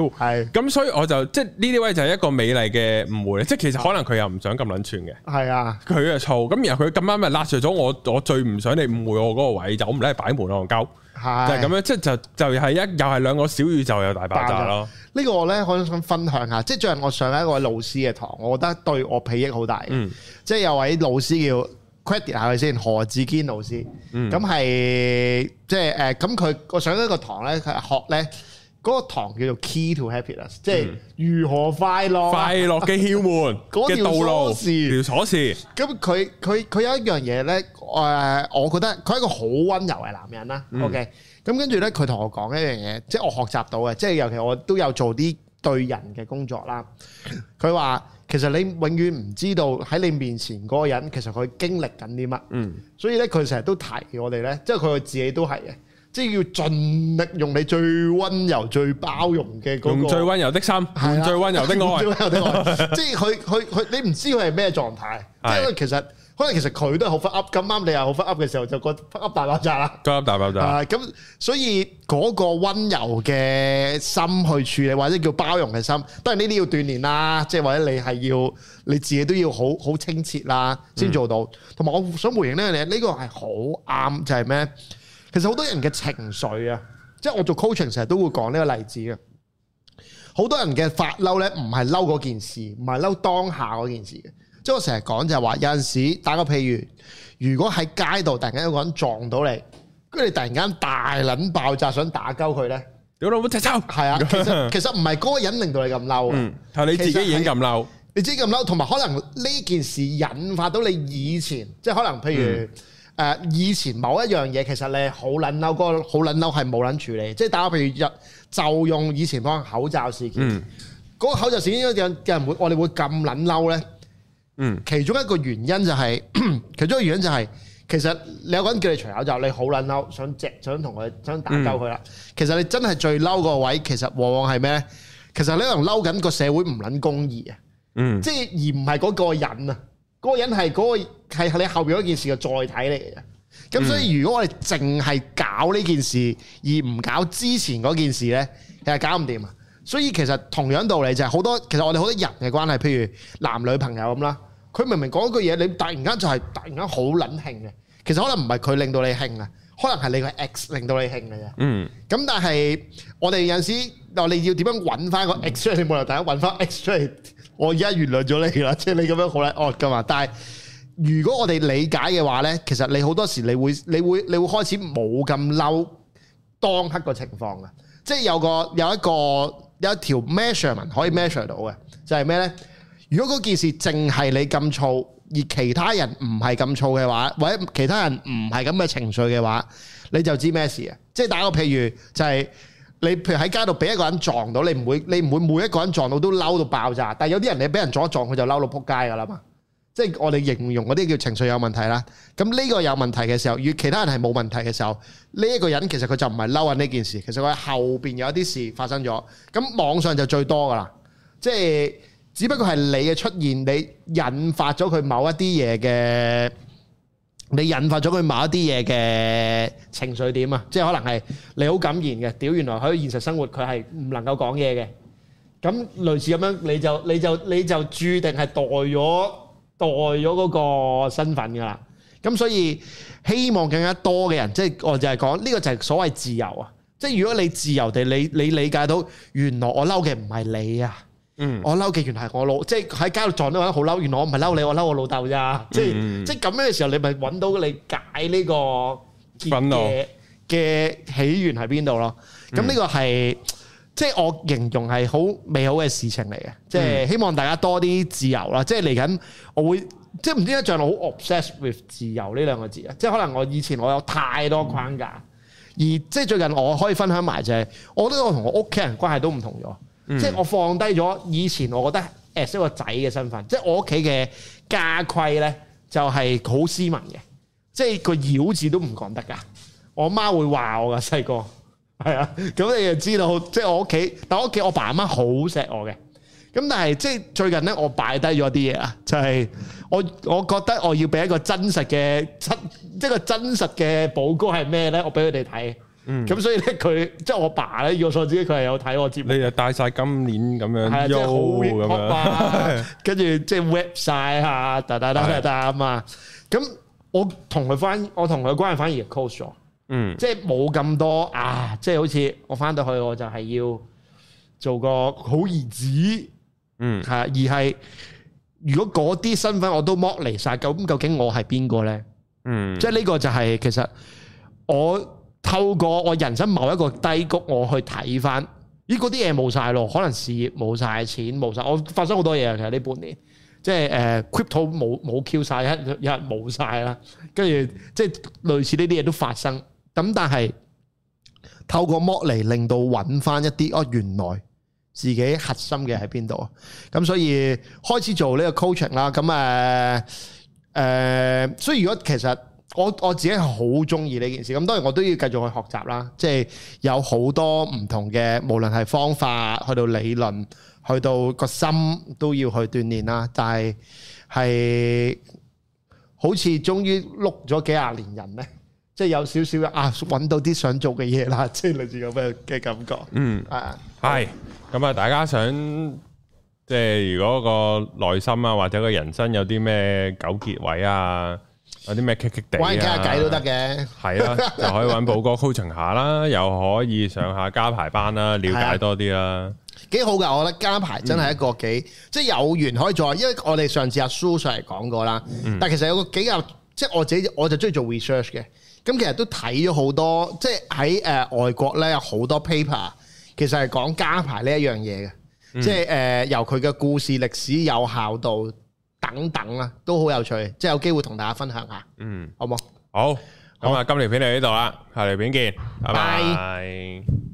屌，係咁所以我就即係呢啲位就係一個美麗嘅誤會，即係其實可能佢又唔想咁撚串嘅，係啊佢啊，嘈。咁然後佢咁啱咪拉咗我我最唔想你誤會我嗰個位，就我唔咧擺。門戇鳩，就咁、是、樣，即係就就係一又係兩個小宇宙又大爆炸咯。呢、這個我咧好想分享下，即係最近我上一位老師嘅堂，我覺得對我裨益好大。嗯，即係有位老師叫 credit 下佢先，何志堅老師。嗯，咁係即係誒，咁、呃、佢我上咗一個堂咧，佢學咧。嗰個堂叫做 Key to Happiness，即係如何快樂、嗯啊、快樂嘅竅門道路，嗰、啊、條鎖匙、啊、條鎖匙。咁佢佢佢有一樣嘢咧，誒、呃，我覺得佢係一個好温柔嘅男人啦。嗯、OK，咁跟住咧，佢同我講一樣嘢，即係我學習到嘅，即、就、係、是、尤其我都有做啲對人嘅工作啦。佢話、嗯、其實你永遠唔知道喺你面前嗰個人，其實佢經歷緊啲乜。嗯，所以咧，佢成日都提我哋咧，即係佢自己都係嘅。即係要盡力用你最温柔、最包容嘅嗰、那個，用最温柔的心，的最温柔的愛。 [LAUGHS] 即係佢佢佢，你唔知佢係咩狀態。的即係其實可能其實佢都係好忽 up 咁啱你又好忽 up 嘅時候就大招大招大，就個 up 大爆炸啦。咁 up 大爆炸，咁所以嗰個温柔嘅心去處理，或者叫包容嘅心，當然呢啲要鍛鍊啦。即係或者你係要你自己都要好好清澈啦，先做到。同埋、嗯、我想回應咧，嘢，呢個係好啱，就係、是、咩？其實好多人嘅情緒啊，即係我做 coaching 成日都會講呢個例子嘅。好多人嘅發嬲咧，唔係嬲嗰件事，唔係嬲當下嗰件事嘅。即係我成日講就係話，有陣時，打個譬如，如果喺街度突然間有個人撞到你，跟住你突然間大撚爆炸想打鳩佢咧，屌你老母柒臭！係啊，其實其實唔係嗰個人令到你咁嬲，係你自己已經咁嬲，你自己咁嬲，同埋可能呢件事引發到你以前，即係可能譬如。誒以前某一樣嘢其實你好撚嬲，嗰個好撚嬲係冇撚處理。即係打個譬如入就用以前嗰口罩事件，嗰、嗯、個口罩事件有有人會我哋會咁撚嬲咧。嗯其、就是，其中一個原因就係其中一個原因就係其實你有個人叫你除口罩，你好撚嬲，想直，想同佢想打鬥佢啦。嗯、其實你真係最嬲個位，其實往往係咩？其實你可能嬲緊個社會唔撚公義啊。即係、嗯、而唔係嗰個人啊。嗰個人係嗰個係你後邊嗰件事嘅載體嚟嘅，咁所以如果我哋淨係搞呢件事而唔搞之前嗰件事咧，其實搞唔掂啊！所以其實同樣道理就係好多，其實我哋好多人嘅關係，譬如男女朋友咁啦，佢明明講一句嘢，你突然間就係突然間好撚興嘅，其實可能唔係佢令到你興啊，可能係你個 ex 令到你興嘅啫。嗯，咁但係我哋有陣時，我哋要點樣揾翻個 ex？你冇理由大家揾翻 ex 出嚟。我而家原諒咗你啦，即係你咁樣好叻，惡噶嘛？但係如果我哋理解嘅話呢，其實你好多時你會你會你會開始冇咁嬲當刻個情況嘅，即係有個有一個有一條 measurement 可以 measure 到嘅，就係咩呢？如果嗰件事淨係你咁燥，而其他人唔係咁燥嘅話，或者其他人唔係咁嘅情緒嘅話，你就知咩事啊？即係打個譬如就係。你譬如喺街度俾一個人撞到，你唔會你唔會每一個人撞到都嬲到爆炸，但係有啲人你俾人撞一撞，佢就嬲到扑街噶啦嘛。即係我哋形容嗰啲叫情緒有問題啦。咁呢個有問題嘅時候，與其他人係冇問題嘅時候，呢一個人其實佢就唔係嬲緊呢件事，其實佢喺後邊有一啲事發生咗。咁網上就最多噶啦，即係只不過係你嘅出現，你引發咗佢某一啲嘢嘅。你引發咗佢某一啲嘢嘅情緒點啊？即係可能係你好感言嘅，屌原來喺現實生活佢係唔能夠講嘢嘅。咁類似咁樣，你就你就你就註定係代咗代咗嗰個身份㗎啦。咁所以希望更加多嘅人，即係我就係講呢個就係所謂自由啊！即係如果你自由地，你你理解到原來我嬲嘅唔係你啊。嗯，我嬲嘅原來係我老，即係喺街度撞到人好嬲，原來我唔係嬲你，我嬲我老豆咋。嗯、即係即係咁樣嘅時候，你咪揾到你解呢個嘅嘅我起源喺邊度咯？咁呢、嗯、個係即係我形容係好美好嘅事情嚟嘅，嗯、即係希望大家多啲自由啦。即係嚟緊，我會即係唔知點解，像我好 obsessed with 自由呢兩個字啊。即係可能我以前我有太多框架，嗯、而即係最近我可以分享埋就係、是，我覺得我，我同我屋企人關係都唔同咗。即係我放低咗以前，我覺得 as 一個仔嘅身份，即係我屋企嘅家規咧，就係、是、好斯文嘅，即係個妖字都唔講得噶。我媽會話我噶細個，係啊，咁你就知道，即係我屋企，但我屋企我爸阿媽好錫我嘅。咁但係即係最近咧，我擺低咗啲嘢啊，就係、是、我我覺得我要俾一個真實嘅真，即係個真實嘅寶哥係咩咧？我俾佢哋睇。嗯，咁所以咧，佢即係我爸咧。以我所知，佢係有睇我節目，你就帶晒今年咁樣，係啊，咁樣。的跟住即係 Web 晒下，噠噠噠噠噠咁咁我同佢翻，我同佢關係反而 close 咗。嗯，即係冇咁多啊。即係好似我翻到去，我就係要做個好兒子。嗯，係而係如果嗰啲身份我都剝離晒，咁究竟我係邊個咧？嗯，即係呢個就係其實我。透過我人生某一個低谷，我去睇翻咦，嗰啲嘢冇晒咯，可能事業冇晒，錢冇晒。我發生好多嘢啊！其實呢半年，即係誒，crypto 冇冇 Q 晒，一一冇晒啦，跟住即係類似呢啲嘢都發生。咁但係透過剝離，令到揾翻一啲哦，原來自己核心嘅喺邊度啊！咁所以開始做呢個 coaching 啦。咁誒誒，所以如果其實我我自己好中意呢件事，咁當然我都要繼續去學習啦。即係有好多唔同嘅，無論係方法，去到理論，去到個心都要去鍛鍊啦。但係係好似終於碌咗幾廿年人咧，即係有少少啊，揾到啲想做嘅嘢啦。即係類似有咩嘅感覺？嗯，啊，係咁啊，大家想即係如果個內心啊，或者個人生有啲咩糾結位啊？有啲咩揭揭地啊！玩下偈都得嘅，係 [LAUGHS] 啊，又可以揾寶哥 coaching 下啦，又可以上下加排班啦，了解多啲啦，啊，幾好噶！我覺得加排真係一個幾，嗯，即係有緣可以再。因為我哋上次阿蘇上嚟講過啦。嗯，但其實有個幾有，即係我自己我就中意做 research 嘅，咁其實都睇咗好多，即係喺誒外國咧有好多 paper，其實係講加排呢一樣嘢嘅，嗯，即係誒由佢嘅故事歷史有效度。等等啦，都好有趣，即係有機會同大家分享下，嗯，好唔好？好，咁啊，今條片就喺呢度啦，好下條片見，拜拜。拜拜